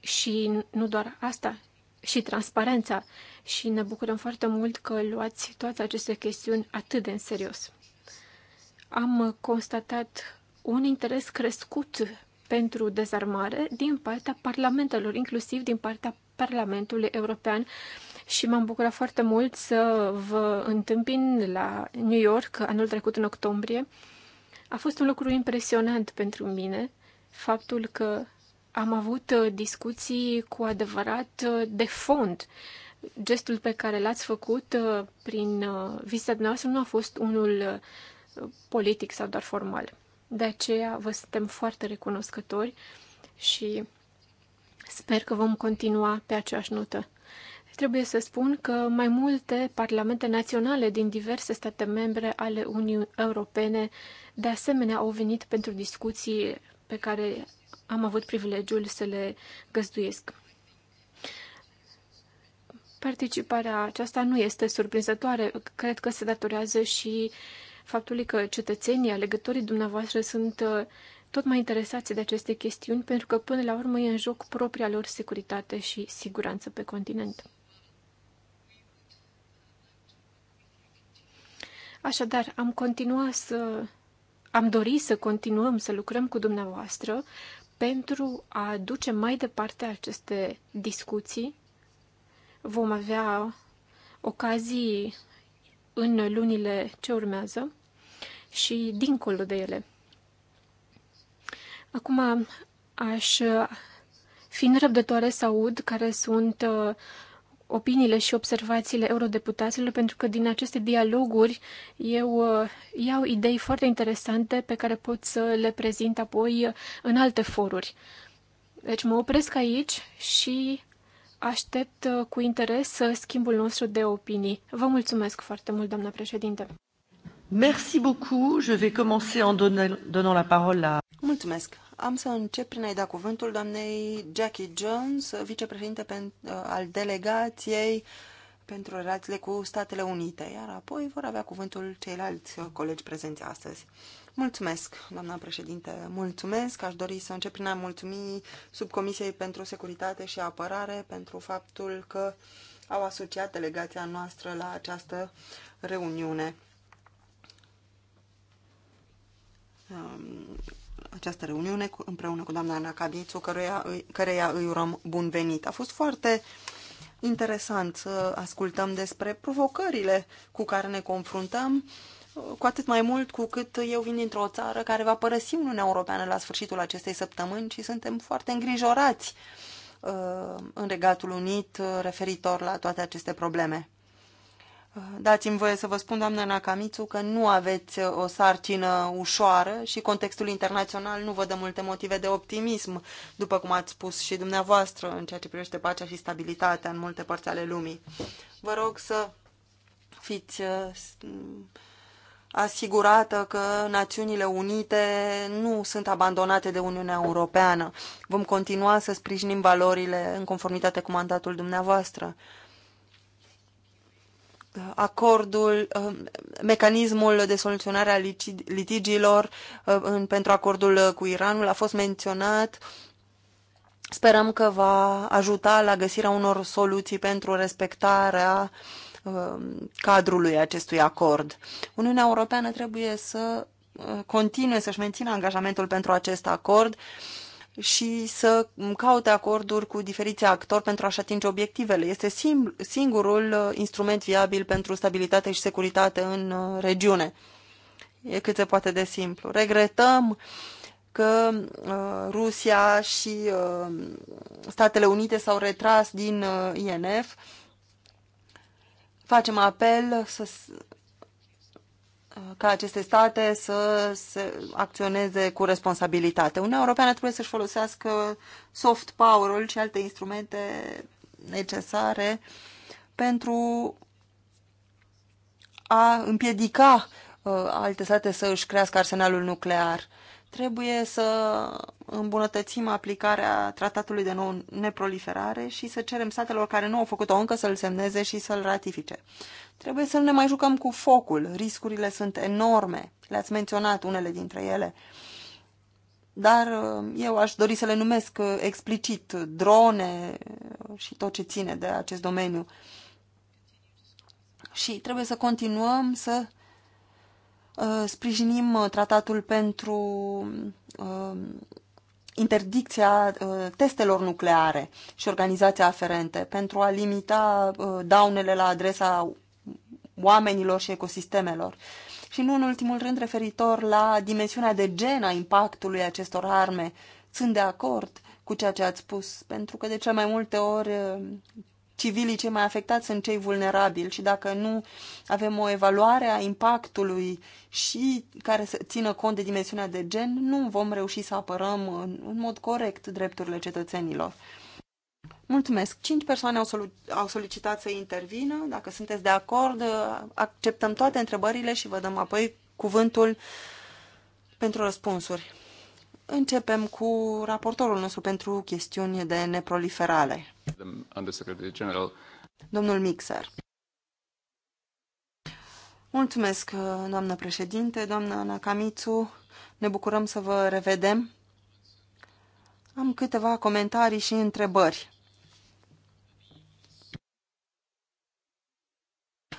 Și nu doar asta, și transparența. Și ne bucurăm foarte mult că luați toate aceste chestiuni atât de în serios am constatat un interes crescut pentru dezarmare din partea parlamentelor, inclusiv din partea Parlamentului European și m-am bucurat foarte mult să vă întâmpin la New York anul trecut în octombrie. A fost un lucru impresionant pentru mine faptul că am avut uh, discuții cu adevărat uh, de fond. Gestul pe care l-ați făcut uh, prin vizita noastră nu a fost unul politic sau doar formal. De aceea vă suntem foarte recunoscători și sper că vom continua pe aceeași notă. Trebuie să spun că mai multe parlamente naționale din diverse state membre ale Uniunii Europene de asemenea au venit pentru discuții pe care am avut privilegiul să le găzduiesc. Participarea aceasta nu este surprinzătoare, cred că se datorează și uh, faptului că cetățenii, alegătorii dumneavoastră sunt uh, tot mai interesați de aceste chestiuni, pentru că până la urmă e în joc propria lor securitate și siguranță pe continent. Așadar, am continuat să. am dorit să continuăm să lucrăm cu dumneavoastră pentru a duce mai departe aceste discuții. Vom avea ocazii în lunile ce urmează și dincolo de ele. Acum aș fi răbdătoare să aud care sunt uh, opiniile și observațiile eurodeputaților, pentru că din aceste dialoguri eu uh, iau idei foarte interesante pe care pot să le prezint apoi în alte foruri. Deci mă opresc aici și Aștept uh, cu interes uh, schimbul nostru de opinii. Vă mulțumesc foarte mult, doamna președinte. Merci beaucoup. Je vais commencer en donnant la parole à... Mulțumesc. Am să încep prin a-i da cuvântul doamnei Jackie Jones, vicepreședinte uh, al delegației uh, pentru relațiile cu Statele Unite, iar apoi vor avea cuvântul ceilalți colegi prezenți astăzi. Mulțumesc, doamna președinte, mulțumesc. Aș dori să încep prin a mulțumi Subcomisiei pentru Securitate și Apărare pentru faptul că au asociat delegația noastră la această reuniune. Um, această reuniune împreună cu doamna Ana Cabițu, căreia, căreia îi urăm bun venit. A fost foarte uh, interesant să ascultăm despre provocările cu care ne confruntăm, cu atât mai mult cu cât eu vin dintr-o țară care va părăsi Uniunea Europeană la sfârșitul acestei săptămâni și suntem foarte îngrijorați uh, în Regatul Unit uh, referitor la toate aceste probleme. Dați-mi voie să vă spun, doamnă Nakamitsu, că nu aveți uh, o sarcină ușoară și contextul internațional nu vă dă multe motive de optimism, după cum ați spus și dumneavoastră în ceea ce privește pacea și stabilitatea în multe părți ale lumii. Vă rog să fiți uh, mm, asigurată că Națiunile Unite nu sunt abandonate de Uniunea Europeană. Vom continua să sprijinim valorile în conformitate cu mandatul dumneavoastră acordul, uh, mecanismul de soluționare a litigiilor uh, pentru acordul uh, cu Iranul a fost menționat. Sperăm că va ajuta la găsirea unor soluții pentru respectarea cadrului acestui acord. Uniunea Europeană trebuie să continue să-și mențină angajamentul pentru acest acord și să caute acorduri cu diferiți actori pentru a-și atinge obiectivele. Este singurul uh, instrument viabil pentru stabilitate și securitate în uh, regiune. E cât se poate de simplu. Regretăm că uh, Rusia și Statele Unite s-au retras din INF facem apel să, ca aceste state să se acționeze cu responsabilitate. Uniunea Europeană trebuie să-și folosească soft power-ul și alte instrumente necesare pentru a împiedica uh, alte state să își crească arsenalul nuclear. Trebuie să îmbunătățim aplicarea tratatului de neproliferare și să cerem statelor care nu au făcut-o încă să-l semneze și să-l ratifice. Trebuie să ne mai jucăm cu focul. Riscurile sunt enorme. Le-ați menționat unele dintre ele dar uh, eu aș dori să le numesc uh, explicit drone uh, și tot ce ține de acest domeniu. Și trebuie să continuăm să Uh, sprijinim uh, tratatul pentru uh, interdicția testelor nucleare și organizația aferente pentru a limita daunele la adresa oamenilor și ecosistemelor. Și nu în ultimul rând referitor la dimensiunea de gen a impactului acestor arme, sunt de acord cu ceea ce ați spus, pentru că de cele mai multe ori civilii cei mai afectați sunt cei vulnerabili și dacă nu avem o evaluare a impactului și care să țină cont de dimensiunea de gen, nu vom reuși să apărăm în, în mod corect drepturile cetățenilor. Mulțumesc. Cinci persoane au, solu- au solicitat să intervină. Dacă sunteți de acord, acceptăm toate întrebările și vă dăm apoi cuvântul pentru răspunsuri. Începem cu raportorul nostru pentru chestiuni de neproliferare. Domnul Mixer. Mulțumesc, doamnă președinte, doamnă Nakamitsu. Ne bucurăm să vă revedem. Am câteva comentarii și întrebări.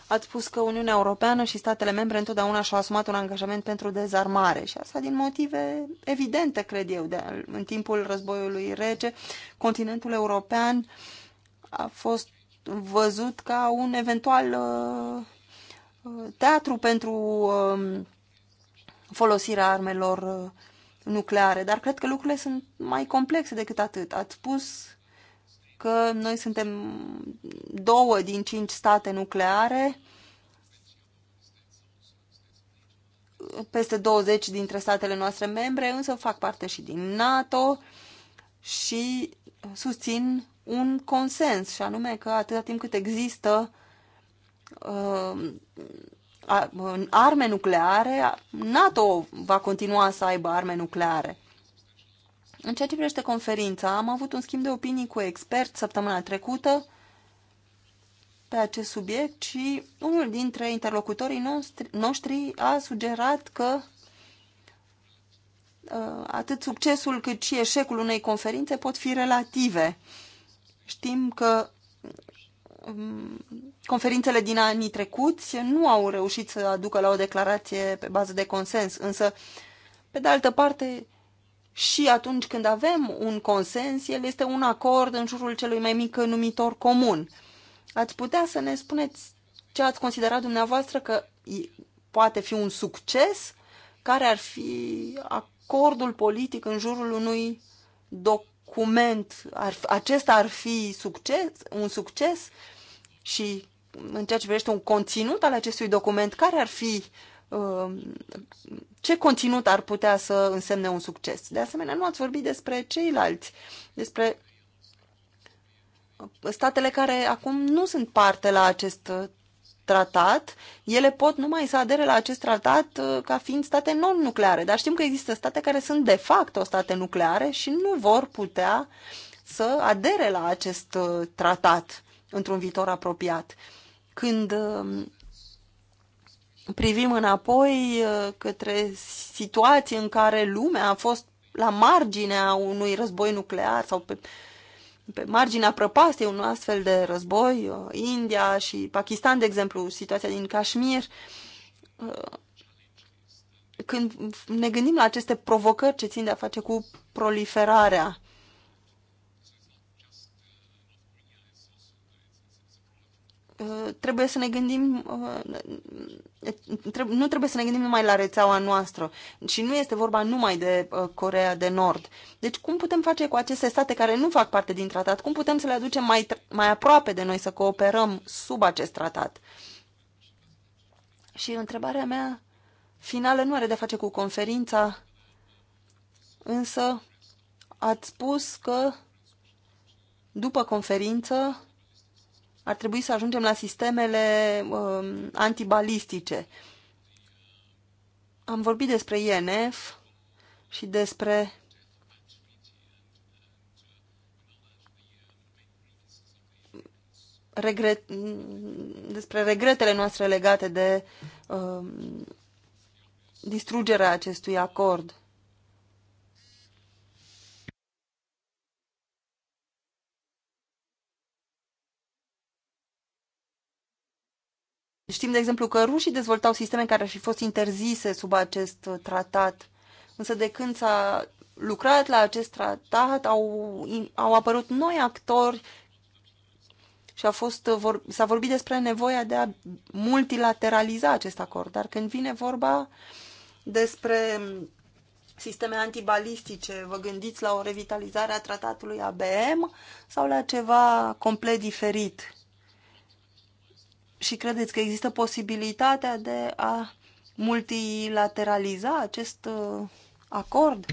Ați spus că Uniunea Europeană și statele membre întotdeauna și-au asumat un angajament pentru dezarmare și asta din motive evidente, cred eu. De, în timpul războiului rece, continentul european a fost văzut ca un eventual uh, uh teatru pentru uh, folosirea armelor uh, nucleare, dar cred că lucrurile sunt mai complexe decât atât. Ați spus că noi suntem două din cinci state nucleare, peste 20 dintre statele noastre membre, însă fac parte și din NATO și susțin un consens, și anume că atâta timp cât există uh, arme nucleare, NATO va continua să aibă arme nucleare. În ceea ce privește conferința, am avut un schimb de opinii cu expert săptămâna trecută pe acest subiect și unul dintre interlocutorii noștri a sugerat că uh, atât succesul cât și eșecul unei conferințe pot fi relative. Știm că um, conferințele din anii trecuți nu au reușit să aducă la o declarație pe bază de consens, însă, pe de altă parte, și atunci când avem un consens, el este un acord în jurul celui mai mic numitor comun. Ați putea să ne spuneți ce ați considerat dumneavoastră că poate fi un succes? Care ar fi acordul politic în jurul unui document? Ar, acesta ar fi succes, un succes? Și în ceea ce privește un conținut al acestui document, care ar fi Um, ce conținut ar putea să însemne un succes. De asemenea, nu ați vorbit despre ceilalți, despre statele care acum nu sunt parte la acest uh, tratat, ele pot numai să adere la acest tratat uh, ca fiind state non-nucleare, dar știm că există state care sunt de fapt o state nucleare și nu vor putea să adere la acest uh, tratat într-un viitor apropiat. Când um, privim înapoi uh, către situații în care lumea a fost la marginea unui război nuclear sau pe, pe marginea prăpastei unui astfel de război, uh, India și Pakistan, de exemplu, situația din Kashmir, uh, când ne gândim la aceste provocări ce țin de a face cu proliferarea Uh, trebuie să ne gândim, uh, nu trebuie să ne gândim numai la rețeaua noastră și nu este vorba numai de uh, Corea de Nord. Deci cum putem face cu aceste state care nu fac parte din tratat? Cum putem să le aducem mai, mai aproape de noi să cooperăm sub acest tratat? Și întrebarea mea finală nu are de face cu conferința, însă ați spus că după conferință ar trebui să ajungem la sistemele uh, antibalistice. Am vorbit despre INF și despre regret, despre regretele noastre legate de uh, distrugerea acestui acord. Știm, de exemplu, că rușii dezvoltau sisteme care ar fi fost interzise sub acest tratat. Însă de când s-a lucrat la acest tratat, au, au apărut noi actori și a fost, vor, s-a vorbit despre nevoia de a multilateraliza acest acord. Dar când vine vorba despre sisteme antibalistice, vă gândiți la o revitalizare a tratatului ABM sau la ceva complet diferit? și credeți că există posibilitatea de a multilateraliza acest uh, acord?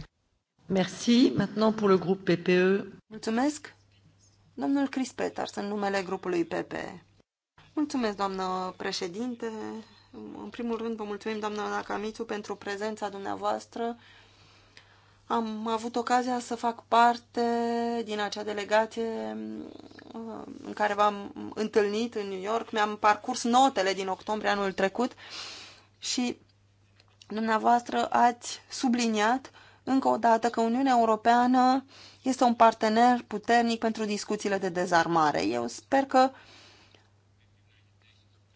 Merci. Maintenant pour le groupe PPE. Mulțumesc. Domnul Chris Petars, în numele grupului PPE. Mulțumesc, doamnă președinte. În primul rând, vă mulțumim, doamna Nakamitsu, pentru prezența dumneavoastră am avut ocazia să fac parte din acea delegație uh, în care v-am întâlnit în New York. Mi-am parcurs notele din octombrie anul trecut și dumneavoastră ați subliniat încă o dată că Uniunea Europeană este un partener puternic pentru discuțiile de dezarmare. Eu sper că uh,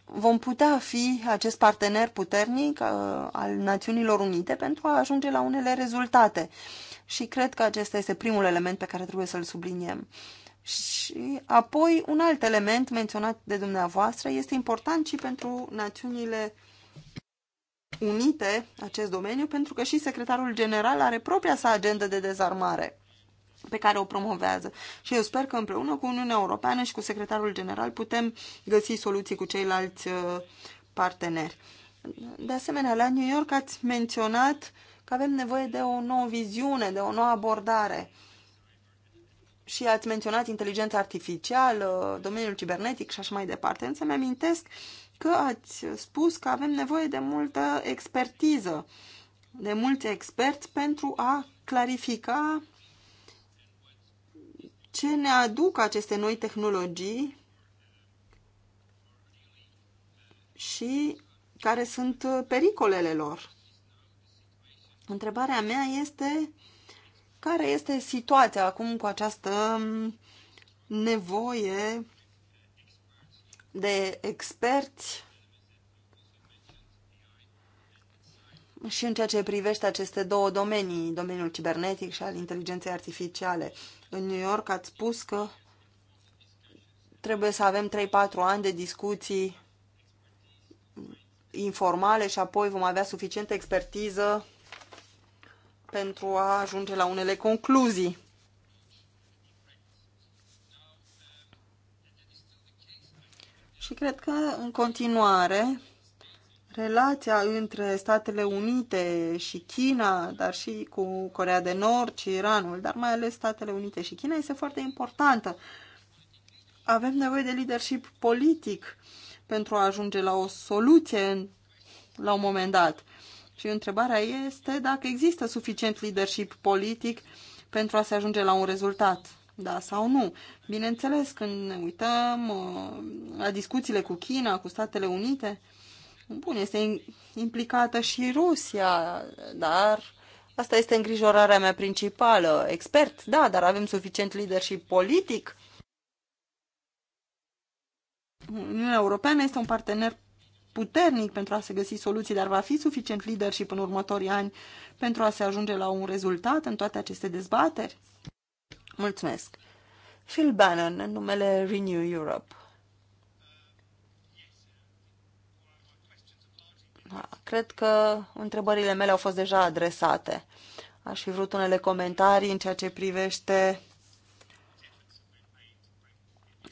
vom putea fi acest partener puternic uh, al Națiunilor Unite pentru a ajunge la unele rezultate. Și cred că acesta este primul element pe care trebuie să-l subliniem. Și apoi, un alt element menționat de dumneavoastră este important și pentru Națiunile Unite, acest domeniu, pentru că și secretarul general are propria sa agendă de dezarmare pe care o promovează. Și eu sper că împreună cu Uniunea Europeană și cu secretarul general putem găsi soluții cu ceilalți uh, parteneri. De asemenea, la New York ați menționat că avem nevoie de o nouă viziune, de o nouă abordare. Și ați menționat inteligența artificială, domeniul cibernetic și așa mai departe. Însă mi-amintesc că ați spus că avem nevoie de multă expertiză, de mulți experți pentru a clarifica ce ne aduc aceste noi tehnologii și care sunt pericolele lor. Întrebarea mea este care este situația acum cu această nevoie de experți și în ceea ce privește aceste două domenii, domeniul cibernetic și al inteligenței artificiale. În New York ați spus că trebuie să avem 3-4 ani de discuții informale și apoi vom avea suficientă expertiză pentru a ajunge la unele concluzii. Și cred că în continuare relația între Statele Unite și China, dar și cu Corea de Nord și Iranul, dar mai ales Statele Unite și China, este foarte importantă. Avem nevoie de leadership politic pentru a ajunge la o soluție la un moment dat. Și întrebarea este dacă există suficient leadership politic pentru a se ajunge la un rezultat da sau nu. Bineînțeles, când ne uităm uh, la discuțiile cu China, cu Statele Unite, Bun, este implicată și Rusia, dar asta este îngrijorarea mea principală. Expert, da, dar avem suficient lider și politic. Uniunea Europeană este un partener puternic pentru a se găsi soluții, dar va fi suficient lider și în următorii ani pentru a se ajunge la un rezultat în toate aceste dezbateri? Mulțumesc! Phil Bannon, în numele Renew Europe. Da, cred că întrebările mele au fost deja adresate. Aș fi vrut unele comentarii în ceea ce privește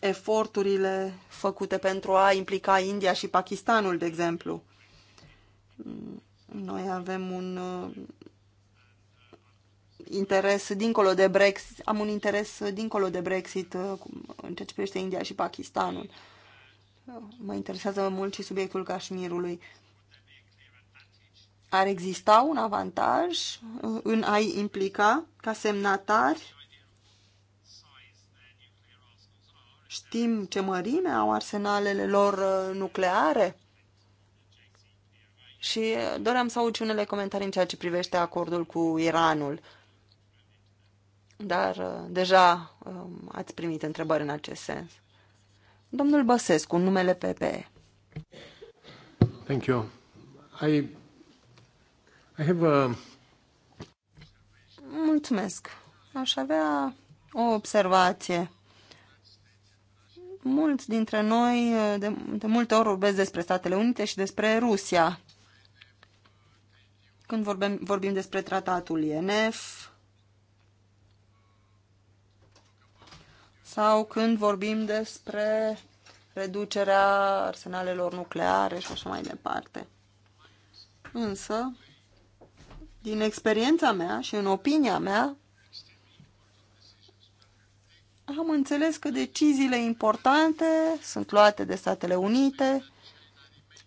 eforturile făcute pentru a implica India și Pakistanul, de exemplu. Noi avem un uh, interes dincolo de Brexit, am un interes dincolo de Brexit uh, în ceea ce privește India și Pakistanul. Mă interesează mult și subiectul Cașmirului ar exista un avantaj uh, în a-i implica ca semnatari? Știm ce mărime au arsenalele lor uh, nucleare? Și uh, doream să aud unele comentarii în ceea ce privește acordul cu Iranul. Dar deja um, ați primit întrebări în acest sens. Domnul Băsescu, numele PPE. Thank you. I I have a... Mulțumesc. Aș avea o observație. Mulți dintre noi de, de multe ori vorbesc despre Statele Unite și despre Rusia. Când vorbim, vorbim despre tratatul INF sau când vorbim despre reducerea arsenalelor nucleare și așa mai departe. Însă, din experiența mea și în opinia mea, am înțeles că deciziile importante sunt luate de Statele Unite,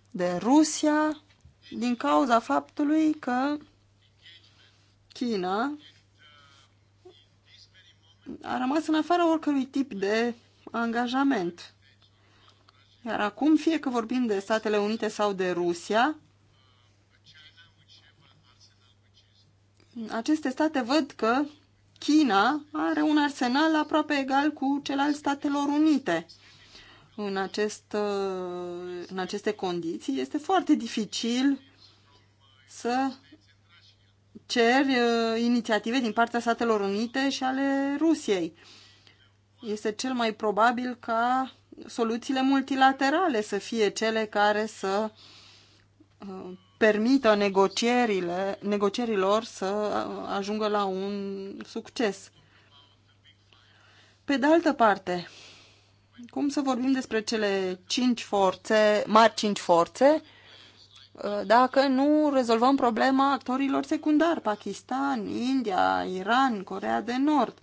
de Rusia, din cauza faptului că China a rămas în afară oricărui tip de angajament. Iar acum, fie că vorbim de Statele Unite sau de Rusia, aceste state văd că China are un arsenal aproape egal cu cel al Statelor Unite. În, acest, uh, în aceste condiții este foarte dificil să ceri uh, inițiative din partea Statelor Unite și ale Rusiei. Este cel mai probabil ca soluțiile multilaterale să fie cele care să uh, permită negocierile, negocierilor să ajungă la un succes. Pe de altă parte, cum să vorbim despre cele cinci forțe, mari cinci forțe, dacă nu rezolvăm problema actorilor secundari, Pakistan, India, Iran, Corea de Nord.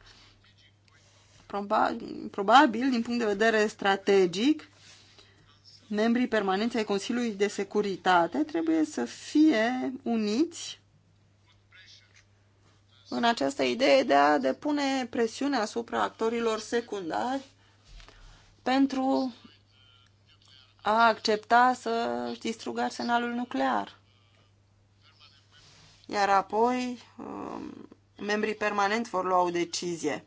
Probabil, din punct de vedere strategic, membrii permanenți ai Consiliului de Securitate trebuie să fie uniți în această idee de a depune presiune asupra actorilor secundari pentru a accepta să distrugă arsenalul nuclear. Iar apoi um, membrii permanenți vor lua o decizie.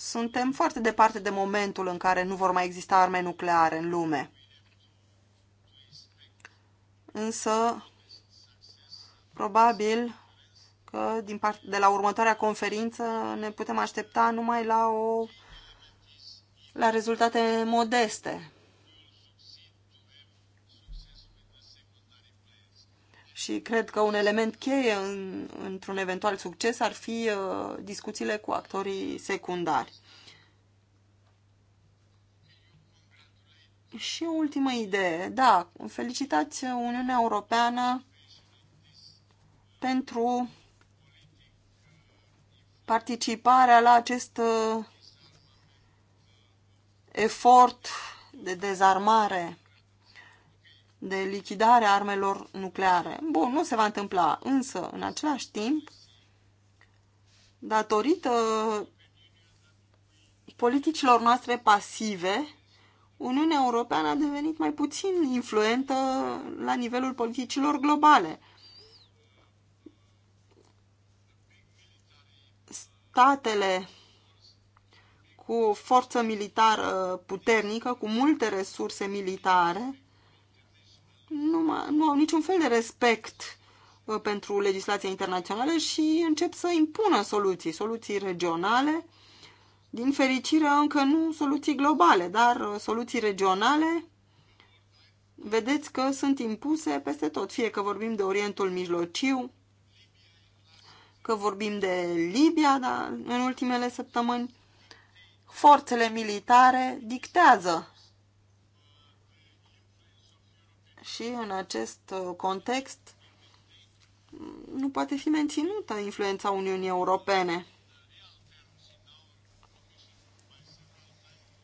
Suntem foarte departe de momentul în care nu vor mai exista arme nucleare în lume. Însă, probabil că din part, de la următoarea conferință ne putem aștepta numai la, o, la rezultate modeste. Și cred că un element cheie în, într-un eventual succes ar fi uh, discuțiile cu actorii secundari. Și ultima idee. Da, felicitați Uniunea Europeană pentru participarea la acest uh, efort de dezarmare de lichidare a armelor nucleare. Bun, nu se va întâmpla, însă, în același timp, datorită politicilor noastre pasive, Uniunea Europeană a devenit mai puțin influentă la nivelul politicilor globale. Statele cu o forță militară puternică, cu multe resurse militare, nu, nu au niciun fel de respect uh, pentru legislația internațională și încep să impună soluții, soluții regionale, din fericire încă nu soluții globale, dar uh, soluții regionale vedeți că sunt impuse peste tot, fie că vorbim de Orientul Mijlociu, că vorbim de Libia dar în ultimele săptămâni, forțele militare dictează și în acest uh, context nu poate fi menținută influența Uniunii Europene.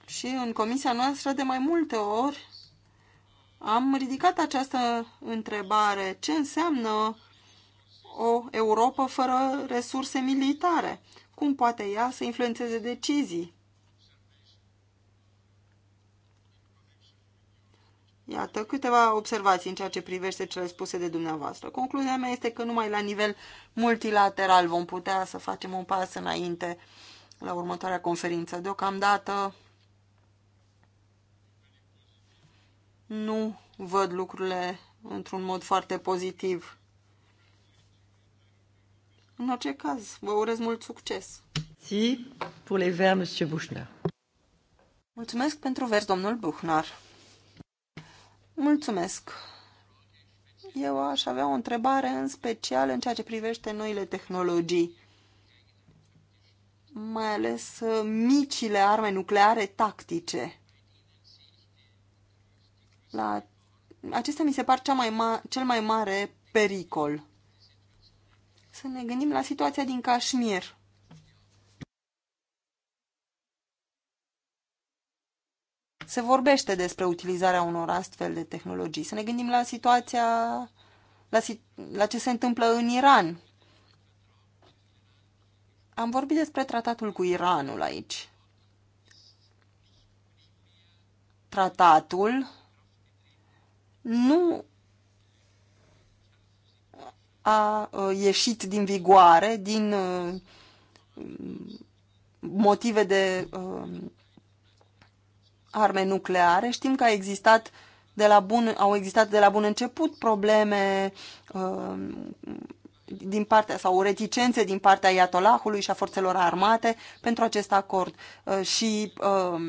Și în comisia noastră de mai multe ori am ridicat această întrebare. Ce înseamnă o Europa fără resurse militare? Cum poate ea să influențeze decizii? Iată câteva observații în ceea ce privește cele spuse de dumneavoastră. Concluzia mea este că numai la nivel multilateral vom putea să facem un pas înainte la următoarea conferință. Deocamdată nu văd lucrurile într-un mod foarte pozitiv. În orice caz, vă urez mult succes. Si, pour les vers, Monsieur Buchner. Mulțumesc pentru vers, domnul Buchner. Mulțumesc! Eu aș avea o întrebare în special în ceea ce privește noile tehnologii, mai ales uh, micile arme nucleare tactice. La acestea mi se par cea mai ma- cel mai mare pericol. Să ne gândim la situația din Kashmir. se vorbește despre utilizarea unor astfel de tehnologii. Să ne gândim la situația, la, la ce se întâmplă în Iran. Am vorbit despre tratatul cu Iranul aici. Tratatul nu a uh, ieșit din vigoare din uh, motive de uh, arme nucleare. Știm că a existat de la bun, au existat de la bun început probleme uh, din partea sau reticențe din partea Iatolahului și a forțelor armate pentru acest acord. Uh, și uh,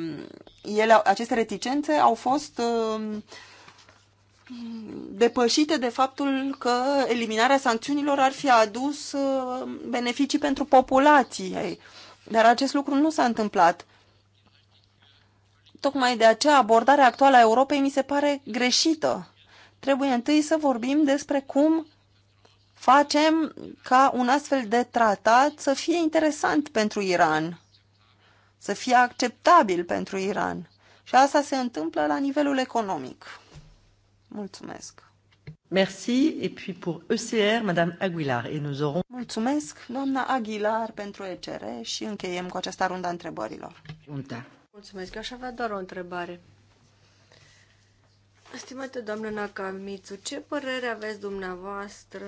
ele, aceste reticențe au fost uh, depășite de faptul că eliminarea sancțiunilor ar fi adus uh, beneficii pentru populație. Dar acest lucru nu s-a întâmplat. Tocmai de aceea abordarea actuală a Europei mi se pare greșită. Trebuie întâi să vorbim despre cum facem ca un astfel de tratat să fie interesant pentru Iran, să fie acceptabil pentru Iran. Și asta se întâmplă la nivelul economic. Mulțumesc. Merci. Et puis pour ECR, Madame Aguilar. Et nous aurons... Mulțumesc, doamna Aguilar, pentru ECR și încheiem cu această rundă a întrebărilor. Unta. Mulțumesc. Eu aș avea doar o întrebare. Stimate doamnă Nakamitsu, ce părere aveți dumneavoastră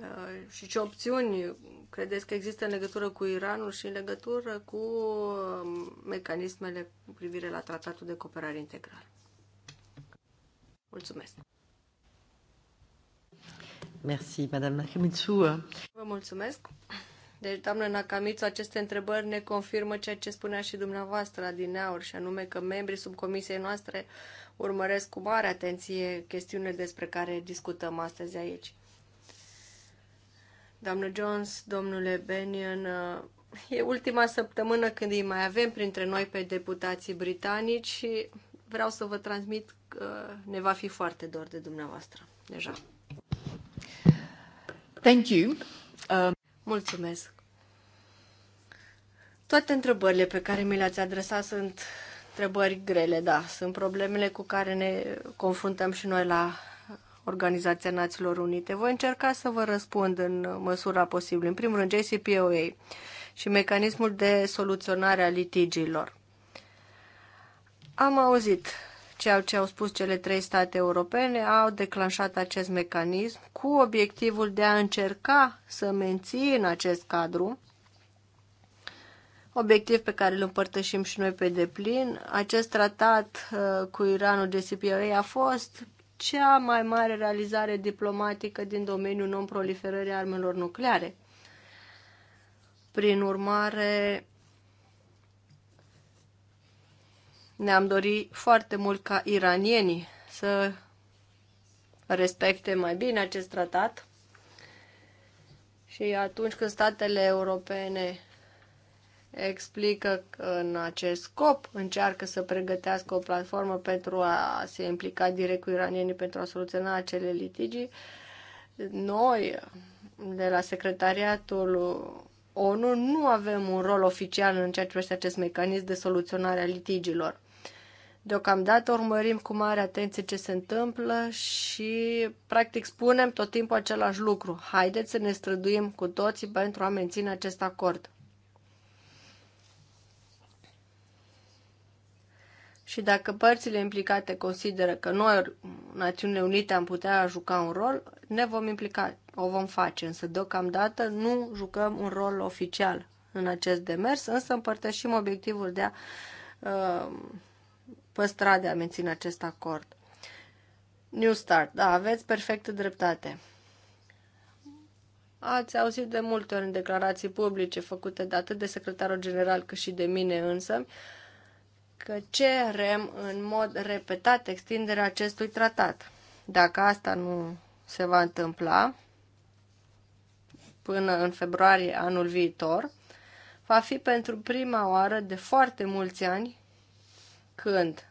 uh, și ce opțiuni credeți că există în legătură cu Iranul și în legătură cu um, mecanismele cu privire la tratatul de cooperare integrală? Mulțumesc. Merci, Madame Nakamitsu. Vă mulțumesc. Deci, doamnă Nakamitsu, aceste întrebări ne confirmă ceea ce spunea și dumneavoastră aur, și anume că membrii subcomisiei noastre urmăresc cu mare atenție chestiunile despre care discutăm astăzi aici. Doamnă Jones, domnule Benion, e ultima săptămână când îi mai avem printre noi pe deputații britanici și vreau să vă transmit că ne va fi foarte dor de dumneavoastră deja. Thank you. Mulțumesc! Toate întrebările pe care mi le-ați adresat sunt întrebări grele, da. Sunt problemele cu care ne confruntăm și noi la Organizația Națiilor Unite. Voi încerca să vă răspund în măsura posibilă. În primul rând, JCPOA și mecanismul de soluționare a litigiilor. Am auzit ceea ce au spus cele trei state europene, au declanșat acest mecanism cu obiectivul de a încerca să mențină acest cadru, obiectiv pe care îl împărtășim și noi pe deplin. Acest tratat uh, cu Iranul de CPOA a fost cea mai mare realizare diplomatică din domeniul non-proliferării armelor nucleare. Prin urmare, Ne-am dorit foarte mult ca iranienii să respecte mai bine acest tratat. Și atunci când statele europene explică că în acest scop încearcă să pregătească o platformă pentru a se implica direct cu iranienii pentru a soluționa acele litigi, noi de la secretariatul ONU nu avem un rol oficial în ceea ce privește acest mecanism de soluționare a litigilor. Deocamdată urmărim cu mare atenție ce se întâmplă și, practic, spunem tot timpul același lucru. Haideți să ne străduim cu toții pentru a menține acest acord. Și dacă părțile implicate consideră că noi, Națiunile Unite, am putea juca un rol, ne vom implica, o vom face, însă deocamdată nu jucăm un rol oficial în acest demers, însă împărtășim obiectivul de a uh, păstra de a menține acest acord. New Start, da, aveți perfectă dreptate. Ați auzit de multe ori în declarații publice făcute de atât de secretarul general cât și de mine însă, că cerem în mod repetat extinderea acestui tratat. Dacă asta nu se va întâmpla până în februarie anul viitor, va fi pentru prima oară de foarte mulți ani când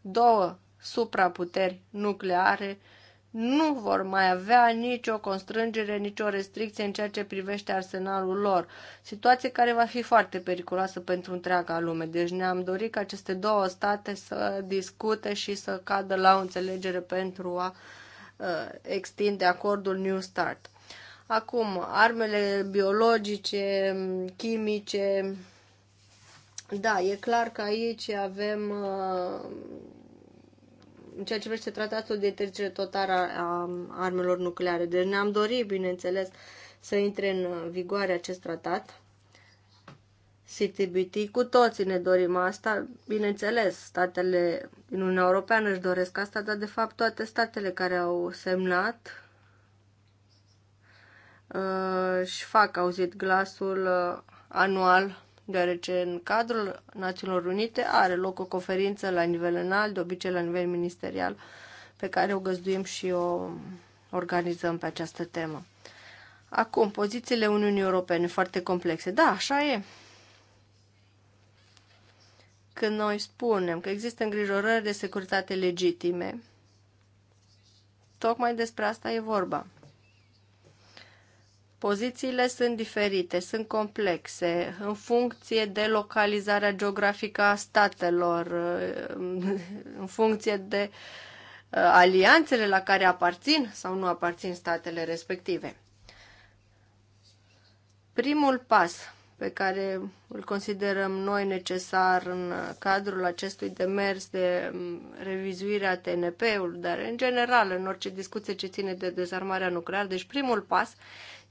două supraputeri nucleare nu vor mai avea nicio constrângere, nicio restricție în ceea ce privește arsenalul lor. Situație care va fi foarte periculoasă pentru întreaga lume. Deci ne-am dorit ca aceste două state să discute și să cadă la o înțelegere pentru a uh, extinde acordul New Start. Acum, armele biologice, chimice, da, e clar că aici avem, uh, în ceea ce privește tratatul de trecere totală a armelor nucleare, deci ne-am dorit, bineînțeles, să intre în vigoare acest tratat, CTBT, cu toții ne dorim asta, bineînțeles, statele din Uniunea Europeană își doresc asta, dar de fapt toate statele care au semnat uh, și fac auzit glasul uh, anual deoarece în cadrul Națiunilor Unite are loc o conferință la nivel înalt, de obicei la nivel ministerial, pe care o găzduim și o organizăm pe această temă. Acum, pozițiile Uniunii Europene foarte complexe. Da, așa e. Când noi spunem că există îngrijorări de securitate legitime, tocmai despre asta e vorba. Pozițiile sunt diferite, sunt complexe, în funcție de localizarea geografică a statelor, în funcție de uh, alianțele la care aparțin sau nu aparțin statele respective. Primul pas pe care îl considerăm noi necesar în cadrul acestui demers de mm, revizuire a TNP-ului, dar în general în orice discuție ce ține de dezarmarea nucleară, deci primul pas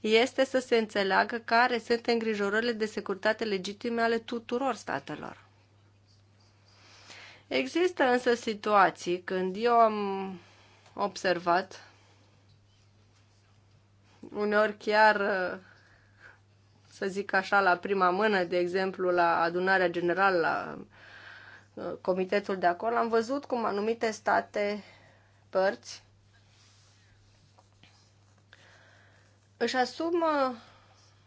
este să se înțeleagă care sunt îngrijorările de securitate legitime ale tuturor statelor. Există însă situații când eu am observat uneori chiar să zic așa, la prima mână, de exemplu, la adunarea generală, la uh, comitetul de acolo, am văzut cum anumite state părți își asumă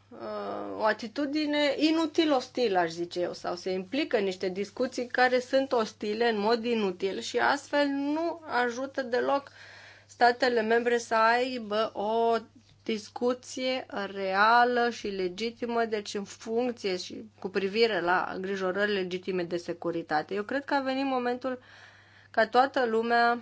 uh, o atitudine inutil ostilă, aș zice eu, sau se implică în niște discuții care sunt ostile în mod inutil și astfel nu ajută deloc statele membre să aibă o discuție reală și legitimă, deci în funcție și cu privire la îngrijorări legitime de securitate. Eu cred că a venit momentul ca toată lumea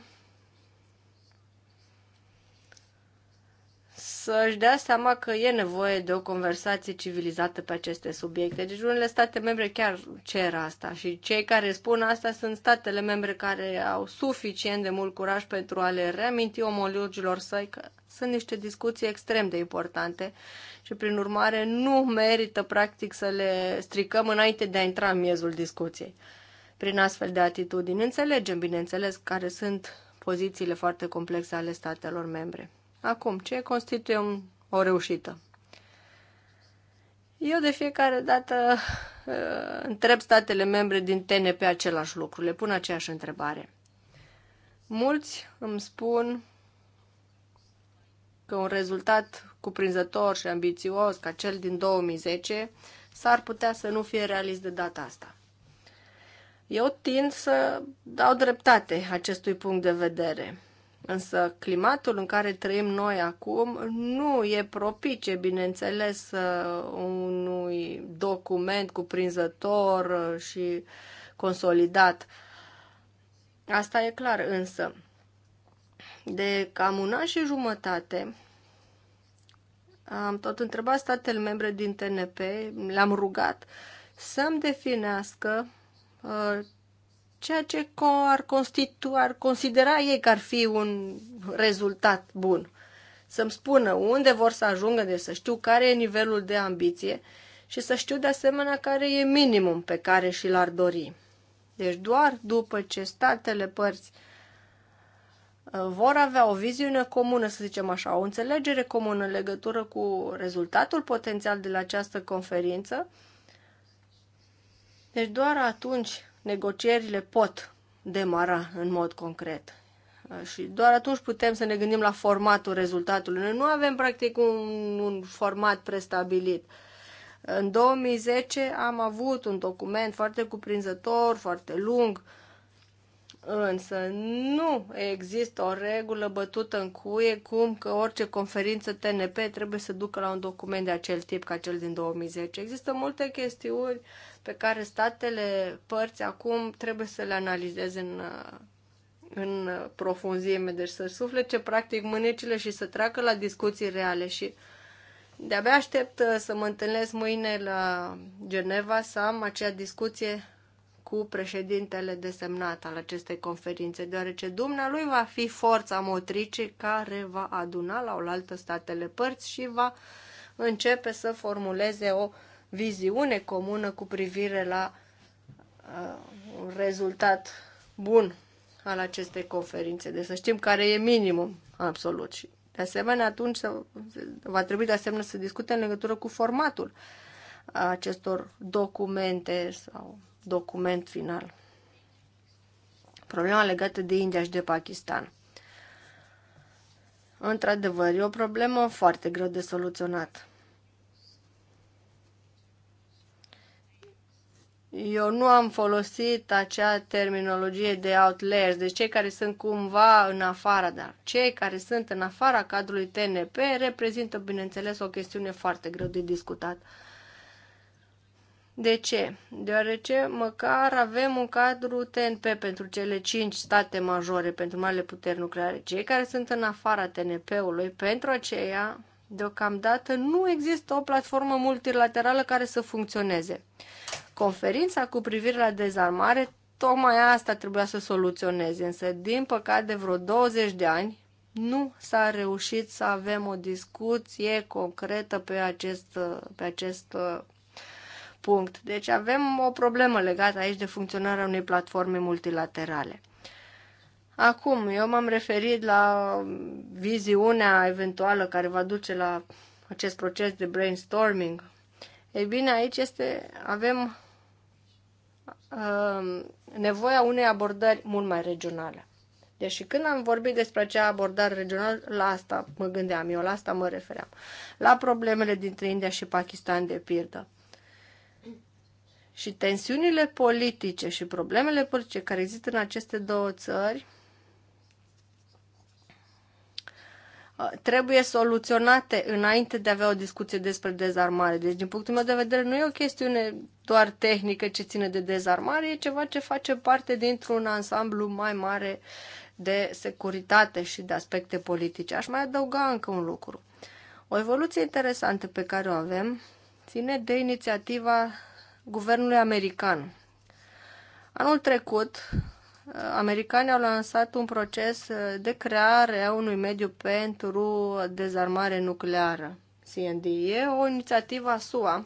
să-și dea seama că e nevoie de o conversație civilizată pe aceste subiecte. Deci unele state membre chiar cer asta și cei care spun asta sunt statele membre care au suficient de mult curaj pentru a le reaminti omologilor săi că sunt niște discuții extrem de importante și prin urmare nu merită practic să le stricăm înainte de a intra în miezul discuției. Prin astfel de atitudini înțelegem, bineînțeles, care sunt pozițiile foarte complexe ale statelor membre. Acum, ce constituie un, o reușită? Eu de fiecare dată uh, întreb statele membre din TNP același lucru, le pun aceeași întrebare. Mulți îmi spun că un rezultat cuprinzător și ambițios ca cel din 2010 s-ar putea să nu fie realist de data asta. Eu tind să dau dreptate acestui punct de vedere. Însă climatul în care trăim noi acum nu e propice, bineînțeles, uh, unui document cuprinzător uh, și consolidat. Asta e clar, însă. De cam un an și jumătate am tot întrebat statele membre din TNP, le-am rugat să-mi definească uh, ceea ce ar, constitu, ar considera ei că ar fi un rezultat bun. Să-mi spună unde vor să ajungă, de deci să știu care e nivelul de ambiție și să știu de asemenea care e minimum pe care și l-ar dori. Deci doar după ce statele părți uh, vor avea o viziune comună, să zicem așa, o înțelegere comună în legătură cu rezultatul potențial de la această conferință, deci doar atunci negocierile pot demara în mod concret. Uh, și doar atunci putem să ne gândim la formatul rezultatului. Noi nu avem, practic, un, un format prestabilit. În 2010 am avut un document foarte cuprinzător, foarte lung, uh, Însă nu există o regulă bătută în cuie cum că orice conferință TNP trebuie să ducă la un document de acel tip ca cel din 2010. Există multe chestiuni pe care statele părți acum trebuie să le analizeze în, în profunzime, deci să suflece practic mânecile și să treacă la discuții reale și de-abia aștept să mă întâlnesc mâine la Geneva să am acea discuție cu președintele desemnat al acestei conferințe, deoarece dumnealui va fi forța motrice care va aduna la oaltă statele părți și va începe să formuleze o viziune comună cu privire la uh, un rezultat bun al acestei conferințe. Deci să știm care e minimum absolut. Și de asemenea, atunci va trebui de asemenea să discute în legătură cu formatul acestor documente sau document final. Problema legată de India și de Pakistan. Într-adevăr, e o problemă foarte greu de soluționat. Eu nu am folosit acea terminologie de outlayers, deci cei care sunt cumva în afara, dar cei care sunt în afara cadrului TNP reprezintă, bineînțeles, o chestiune foarte greu de discutat. De ce? Deoarece măcar avem un cadru TNP pentru cele cinci state majore, pentru marile puteri nucleare. Cei care sunt în afara TNP-ului, pentru aceea, deocamdată, nu există o platformă multilaterală care să funcționeze. Conferința cu privire la dezarmare, tocmai asta trebuia să soluționeze, însă, din păcate, de vreo 20 de ani, nu s-a reușit să avem o discuție concretă pe acest, pe acest punct. Deci avem o problemă legată aici de funcționarea unei platforme multilaterale. Acum, eu m-am referit la viziunea eventuală care va duce la acest proces de brainstorming. Ei bine, aici este, avem uh, nevoia unei abordări mult mai regionale. Deci când am vorbit despre acea abordare regională, la asta mă gândeam, eu la asta mă refeream. La problemele dintre India și Pakistan de pildă. Și tensiunile politice și problemele politice care există în aceste două țări trebuie soluționate înainte de a avea o discuție despre dezarmare. Deci, din punctul meu de vedere, nu e o chestiune doar tehnică ce ține de dezarmare, e ceva ce face parte dintr-un ansamblu mai mare de securitate și de aspecte politice. Aș mai adăuga încă un lucru. O evoluție interesantă pe care o avem ține de inițiativa guvernului american. Anul trecut, eh, americanii au lansat un proces eh, de creare a unui mediu pentru dezarmare nucleară, CND. E o inițiativă a SUA.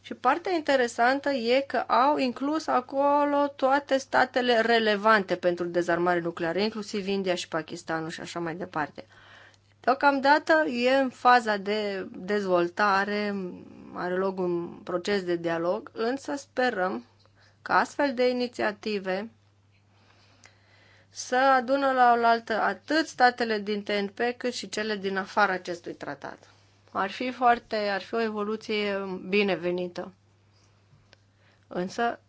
Și partea interesantă e că au inclus acolo toate statele relevante pentru dezarmare nucleară, inclusiv India și Pakistanul și așa mai departe. Deocamdată e în faza de dezvoltare, are loc un proces de dialog, însă sperăm că astfel de inițiative să adună la oaltă atât statele din TNP cât și cele din afara acestui tratat. Ar fi foarte, ar fi o evoluție binevenită. Însă,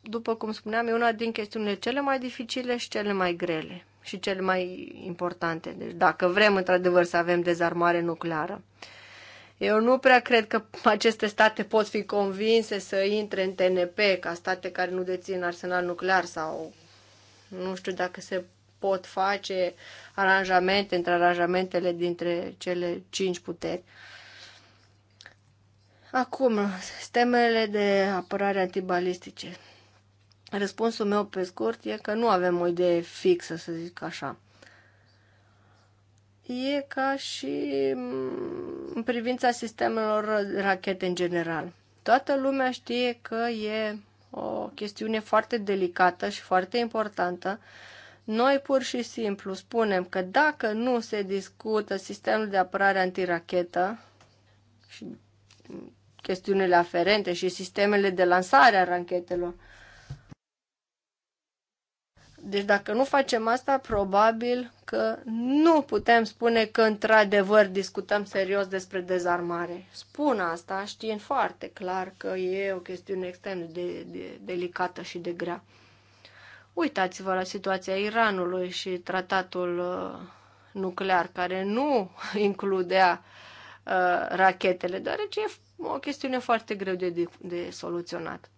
după cum spuneam, e una din chestiunile cele mai dificile și cele mai grele și cele mai importante. Deci dacă vrem într-adevăr să avem dezarmare nucleară. Eu nu prea cred că aceste state pot fi convinse să intre în TNP ca state care nu dețin arsenal nuclear sau nu știu dacă se pot face aranjamente între aranjamentele dintre cele cinci puteri. Acum, sistemele de apărare antibalistice. Răspunsul meu pe scurt e că nu avem o idee fixă, să zic așa e ca și mm, în privința sistemelor rachete în general. Toată lumea știe că e o chestiune foarte delicată și foarte importantă. Noi pur și simplu spunem că dacă nu se discută sistemul de apărare antirachetă și chestiunile aferente și sistemele de lansare a rachetelor, deci dacă nu facem asta, probabil că nu putem spune că într-adevăr discutăm serios despre dezarmare. Spun asta știind foarte clar că e o chestiune extrem de, de delicată și de grea. Uitați-vă la situația Iranului și tratatul uh, nuclear, care nu *laughs* includea uh, rachetele, deoarece e o chestiune foarte greu de, de soluționat.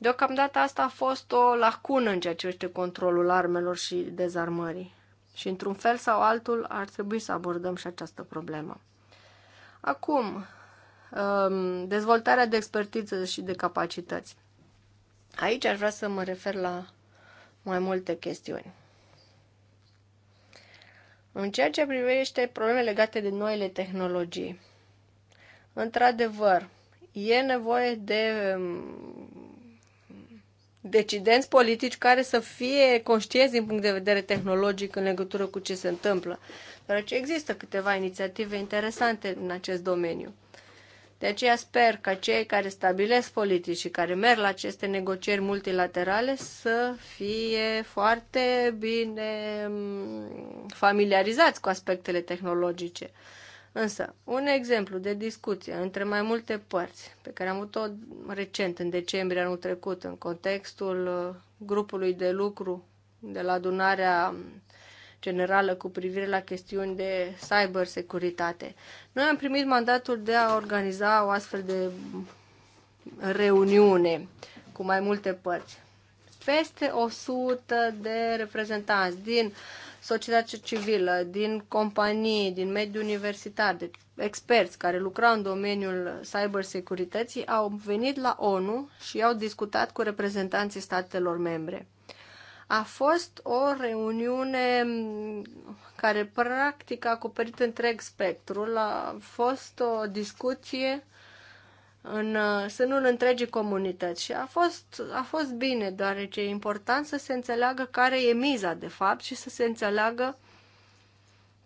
Deocamdată asta a fost o lacună în ceea ce este controlul armelor și dezarmării. Și într-un fel sau altul ar trebui să abordăm și această problemă. Acum, um, dezvoltarea de expertiză și de capacități. Aici aș vrea să mă refer la mai multe chestiuni. În ceea ce privește probleme legate de noile tehnologii, într-adevăr, e nevoie de um, decidenți politici care să fie conștienți din punct de vedere tehnologic în legătură cu ce se întâmplă. Deoarece există câteva inițiative interesante în acest domeniu. De aceea sper ca cei care stabilesc politici și care merg la aceste negocieri multilaterale să fie foarte bine mm, familiarizați cu aspectele tehnologice. Însă, un exemplu de discuție între mai multe părți, pe care am avut-o recent, în decembrie anul trecut, în contextul uh, grupului de lucru de la adunarea generală cu privire la chestiuni de cybersecuritate. Noi am primit mandatul de a organiza o astfel de reuniune cu mai multe părți. Peste 100 de reprezentanți din uh, societate civilă, din companii, din mediul universitar, de experți care lucrau în domeniul cybersecurității, au venit la ONU și au discutat cu reprezentanții statelor membre. A fost o reuniune care practic a acoperit întreg spectrul, a fost o discuție în uh, sânul întregii comunități și a fost, a fost bine, deoarece e important să se înțeleagă care e miza, de fapt, și să se înțeleagă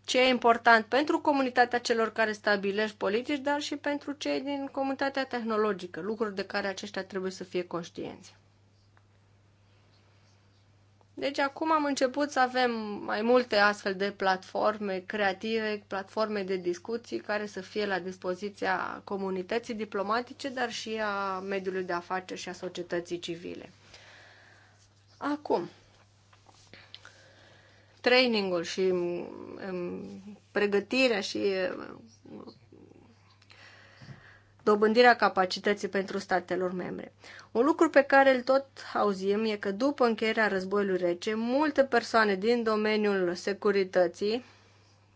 ce e important pentru comunitatea celor care stabilești politici, dar și pentru cei din comunitatea tehnologică, lucruri de care aceștia trebuie să fie conștienți. Deci acum am început să avem mai multe astfel de platforme creative, platforme de discuții care să fie la dispoziția comunității diplomatice, dar și a mediului de afaceri și a societății civile. Acum, trainingul și mm, mm, pregătirea și mm, dobândirea capacității pentru statelor membre. Un lucru pe care îl tot auzim e că după încheierea războiului rece, multe persoane din domeniul securității,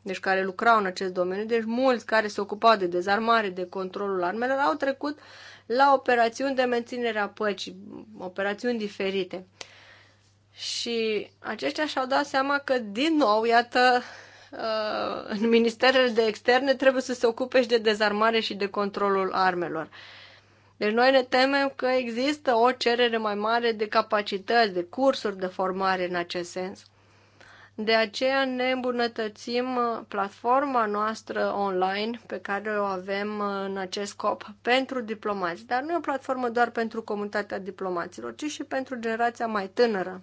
deci care lucrau în acest domeniu, deci mulți care se ocupau de dezarmare, de controlul armelor, au trecut la operațiuni de menținere a păcii, operațiuni diferite. Și aceștia și-au dat seama că, din nou, iată, Uh, în ministerele de externe trebuie să se ocupe și de dezarmare și de controlul armelor. Deci noi ne temem că există o cerere mai mare de capacități, de cursuri de formare în acest sens. De aceea ne îmbunătățim uh, platforma noastră online pe care o avem uh, în acest scop pentru diplomați. Dar nu e o platformă doar pentru comunitatea diplomaților, ci și pentru generația mai tânără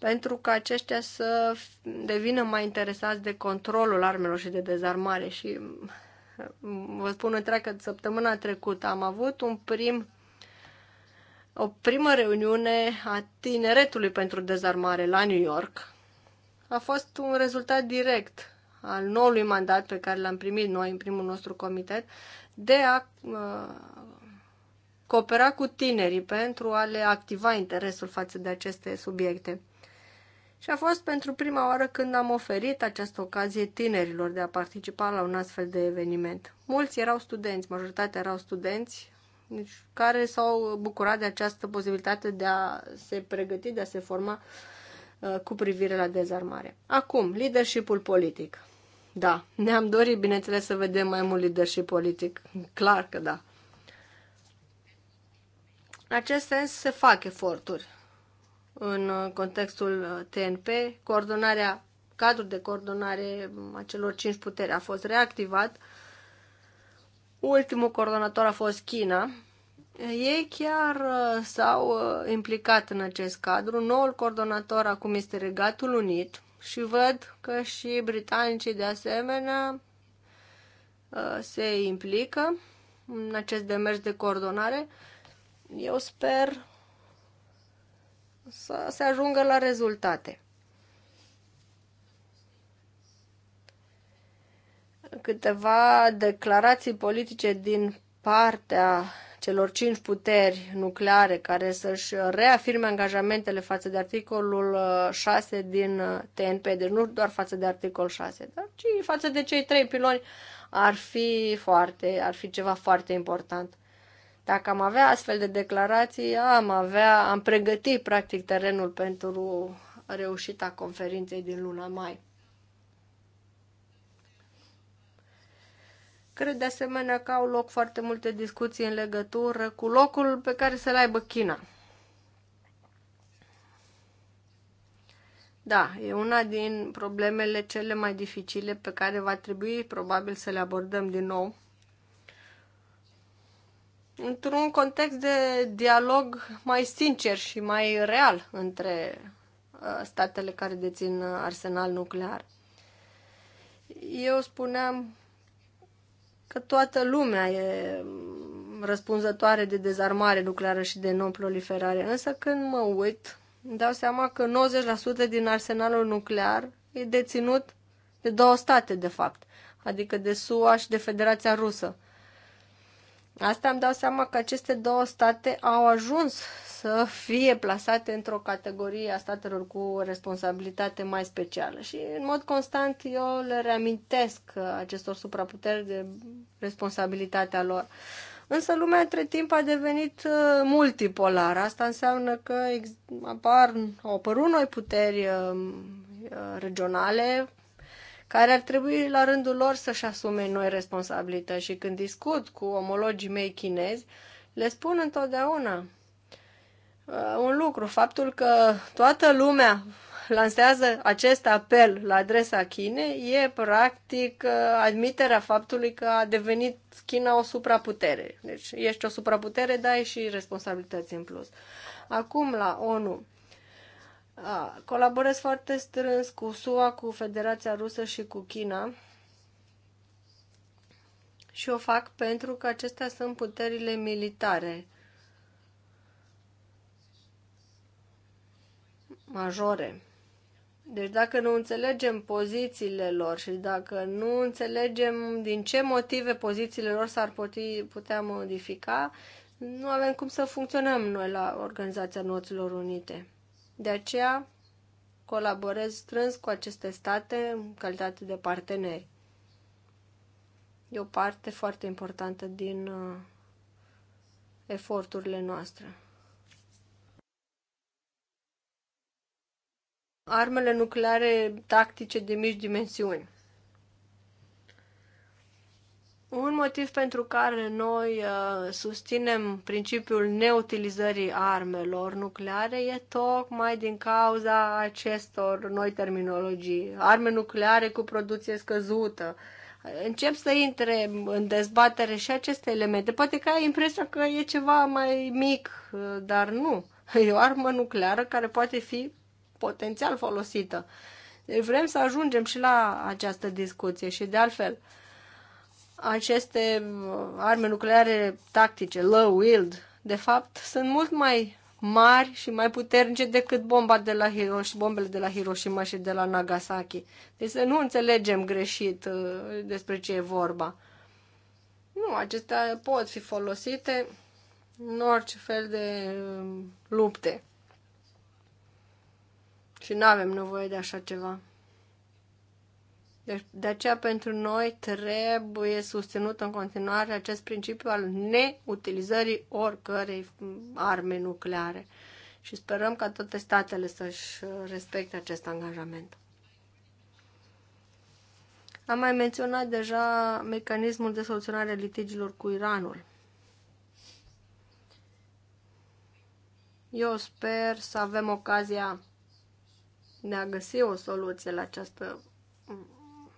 pentru ca aceștia să devină mai interesați de controlul armelor și de dezarmare. Și mm, vă spun întreagă, săptămâna trecută am avut un prim o primă reuniune a tineretului pentru dezarmare la New York. A fost un rezultat direct al noului mandat pe care l-am primit noi în primul nostru comitet de a uh, coopera cu tinerii pentru a le activa interesul față de aceste subiecte. Și a fost pentru prima oară când am oferit această ocazie tinerilor de a participa la un astfel de eveniment. Mulți erau studenți, majoritatea erau studenți, deci, care s-au bucurat de această posibilitate de a se pregăti, de a se forma uh, cu privire la dezarmare. Acum, leadershipul politic. Da, ne-am dorit, bineînțeles, să vedem mai mult leadership politic. Clar că da. În acest sens se fac eforturi în uh, contextul uh, TNP. Coordonarea, cadrul de coordonare um, a celor cinci puteri a fost reactivat. Ultimul coordonator a fost China. Ei chiar uh, s-au implicat în acest cadru. Noul coordonator acum este Regatul Unit și văd că și britanicii de asemenea se implică în acest demers de coordonare. Eu sper să se ajungă la rezultate. Câteva declarații politice din partea celor cinci puteri nucleare care să-și reafirme angajamentele față de articolul 6 uh, din uh, TNP, deci nu doar față de articol 6, dar ci față de cei trei piloni ar fi foarte, ar fi ceva foarte important. Dacă am avea astfel de declarații, am avea, am pregătit practic terenul pentru reușita conferinței din luna mai. Cred de asemenea că au loc foarte multe discuții în legătură cu locul pe care să-l aibă China. Da, e una din problemele cele mai dificile pe care va trebui probabil să le abordăm din nou într-un context de dialog mai sincer și mai real între uh, statele care dețin uh, arsenal nuclear. Eu spuneam că toată lumea e mm, răspunzătoare de dezarmare nucleară și de non-proliferare, însă când mă uit, îmi dau seama că 90% din arsenalul nuclear e deținut de două state, de fapt, adică de SUA și de Federația Rusă. Asta îmi dau seama că aceste două state au ajuns să fie plasate într-o categorie a statelor cu responsabilitate mai specială. Și în mod constant eu le reamintesc acestor supraputeri de responsabilitatea lor. Însă lumea între timp a devenit uh, multipolară. Asta înseamnă că apar, au apărut noi puteri uh, uh, regionale care ar trebui la rândul lor să-și asume noi responsabilități și când discut cu omologii mei chinezi, le spun întotdeauna uh, un lucru, faptul că toată lumea lansează acest apel la adresa Chinei e practic uh, admiterea faptului că a devenit China o supraputere. Deci ești o supraputere, dar ai și responsabilități în plus. Acum la ONU a, colaborez foarte strâns cu SUA, cu Federația Rusă și cu China. Și o fac pentru că acestea sunt puterile militare majore. Deci dacă nu înțelegem pozițiile lor și dacă nu înțelegem din ce motive pozițiile lor s-ar putea modifica, nu avem cum să funcționăm noi la Organizația Noților Unite. De aceea colaborez strâns cu aceste state în calitate de parteneri. E o parte foarte importantă din uh, eforturile noastre. Armele nucleare tactice de mici dimensiuni. Un motiv pentru care noi uh, susținem principiul neutilizării armelor nucleare e tocmai din cauza acestor noi terminologii. Arme nucleare cu producție scăzută. Încep să intre în dezbatere și aceste elemente. Poate că ai impresia că e ceva mai mic, uh, dar nu. *laughs* E o armă nucleară care poate fi potențial folosită. Deci vrem să ajungem și la această discuție și de altfel. Uh, aceste uh, arme nucleare tactice, low wield, de fapt, sunt mult mai mari și mai puternice decât bomba de la Hirosh, bombele de la Hiroshima și de la Nagasaki. Deci să nu înțelegem greșit uh, despre ce e vorba. Nu, acestea pot fi folosite în orice fel de uh, lupte. Și nu avem nevoie de așa ceva. Deci, de aceea, pentru noi trebuie susținut în continuare acest principiu al neutilizării oricărei arme nucleare. Și sperăm ca toate statele să-și respecte acest angajament. Am mai menționat deja mecanismul de soluționare a litigilor cu Iranul. Eu sper să avem ocazia de a găsi o soluție la această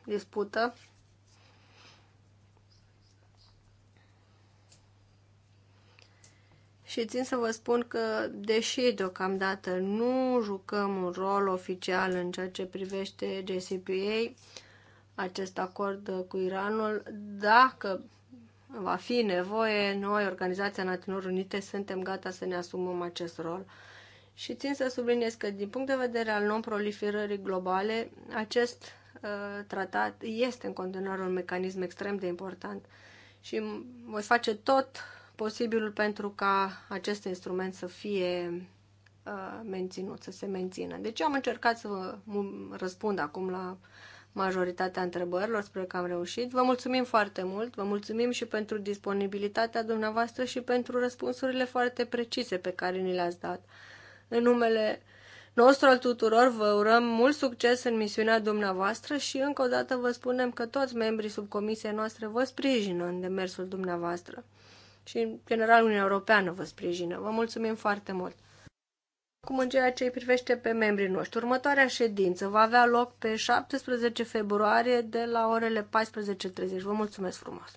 dispută. Și țin să vă spun că, deși deocamdată nu jucăm un rol oficial în ceea ce privește JCPA, acest acord cu Iranul, dacă va fi nevoie, noi, Organizația Națiunilor Unite, suntem gata să ne asumăm acest rol. Și țin să subliniez că, din punct de vedere al non-proliferării globale, acest Uh, tratat este în continuare un mecanism extrem de important și voi face tot posibilul pentru ca acest instrument să fie uh, menținut, să se mențină. Deci am încercat să vă răspund acum la majoritatea întrebărilor, sper că am reușit. Vă mulțumim foarte mult, vă mulțumim și pentru disponibilitatea dumneavoastră și pentru răspunsurile foarte precise pe care ni le-ați dat. În numele nostru al tuturor. Vă urăm mult succes în misiunea dumneavoastră și încă o dată vă spunem că toți membrii subcomisiei noastre vă sprijină în demersul dumneavoastră. Și, în general, Uniunea Europeană vă sprijină. Vă mulțumim foarte mult! Acum, în ceea ce îi privește pe membrii noștri, următoarea ședință va avea loc pe 17 februarie de la orele 14.30. Vă mulțumesc frumos!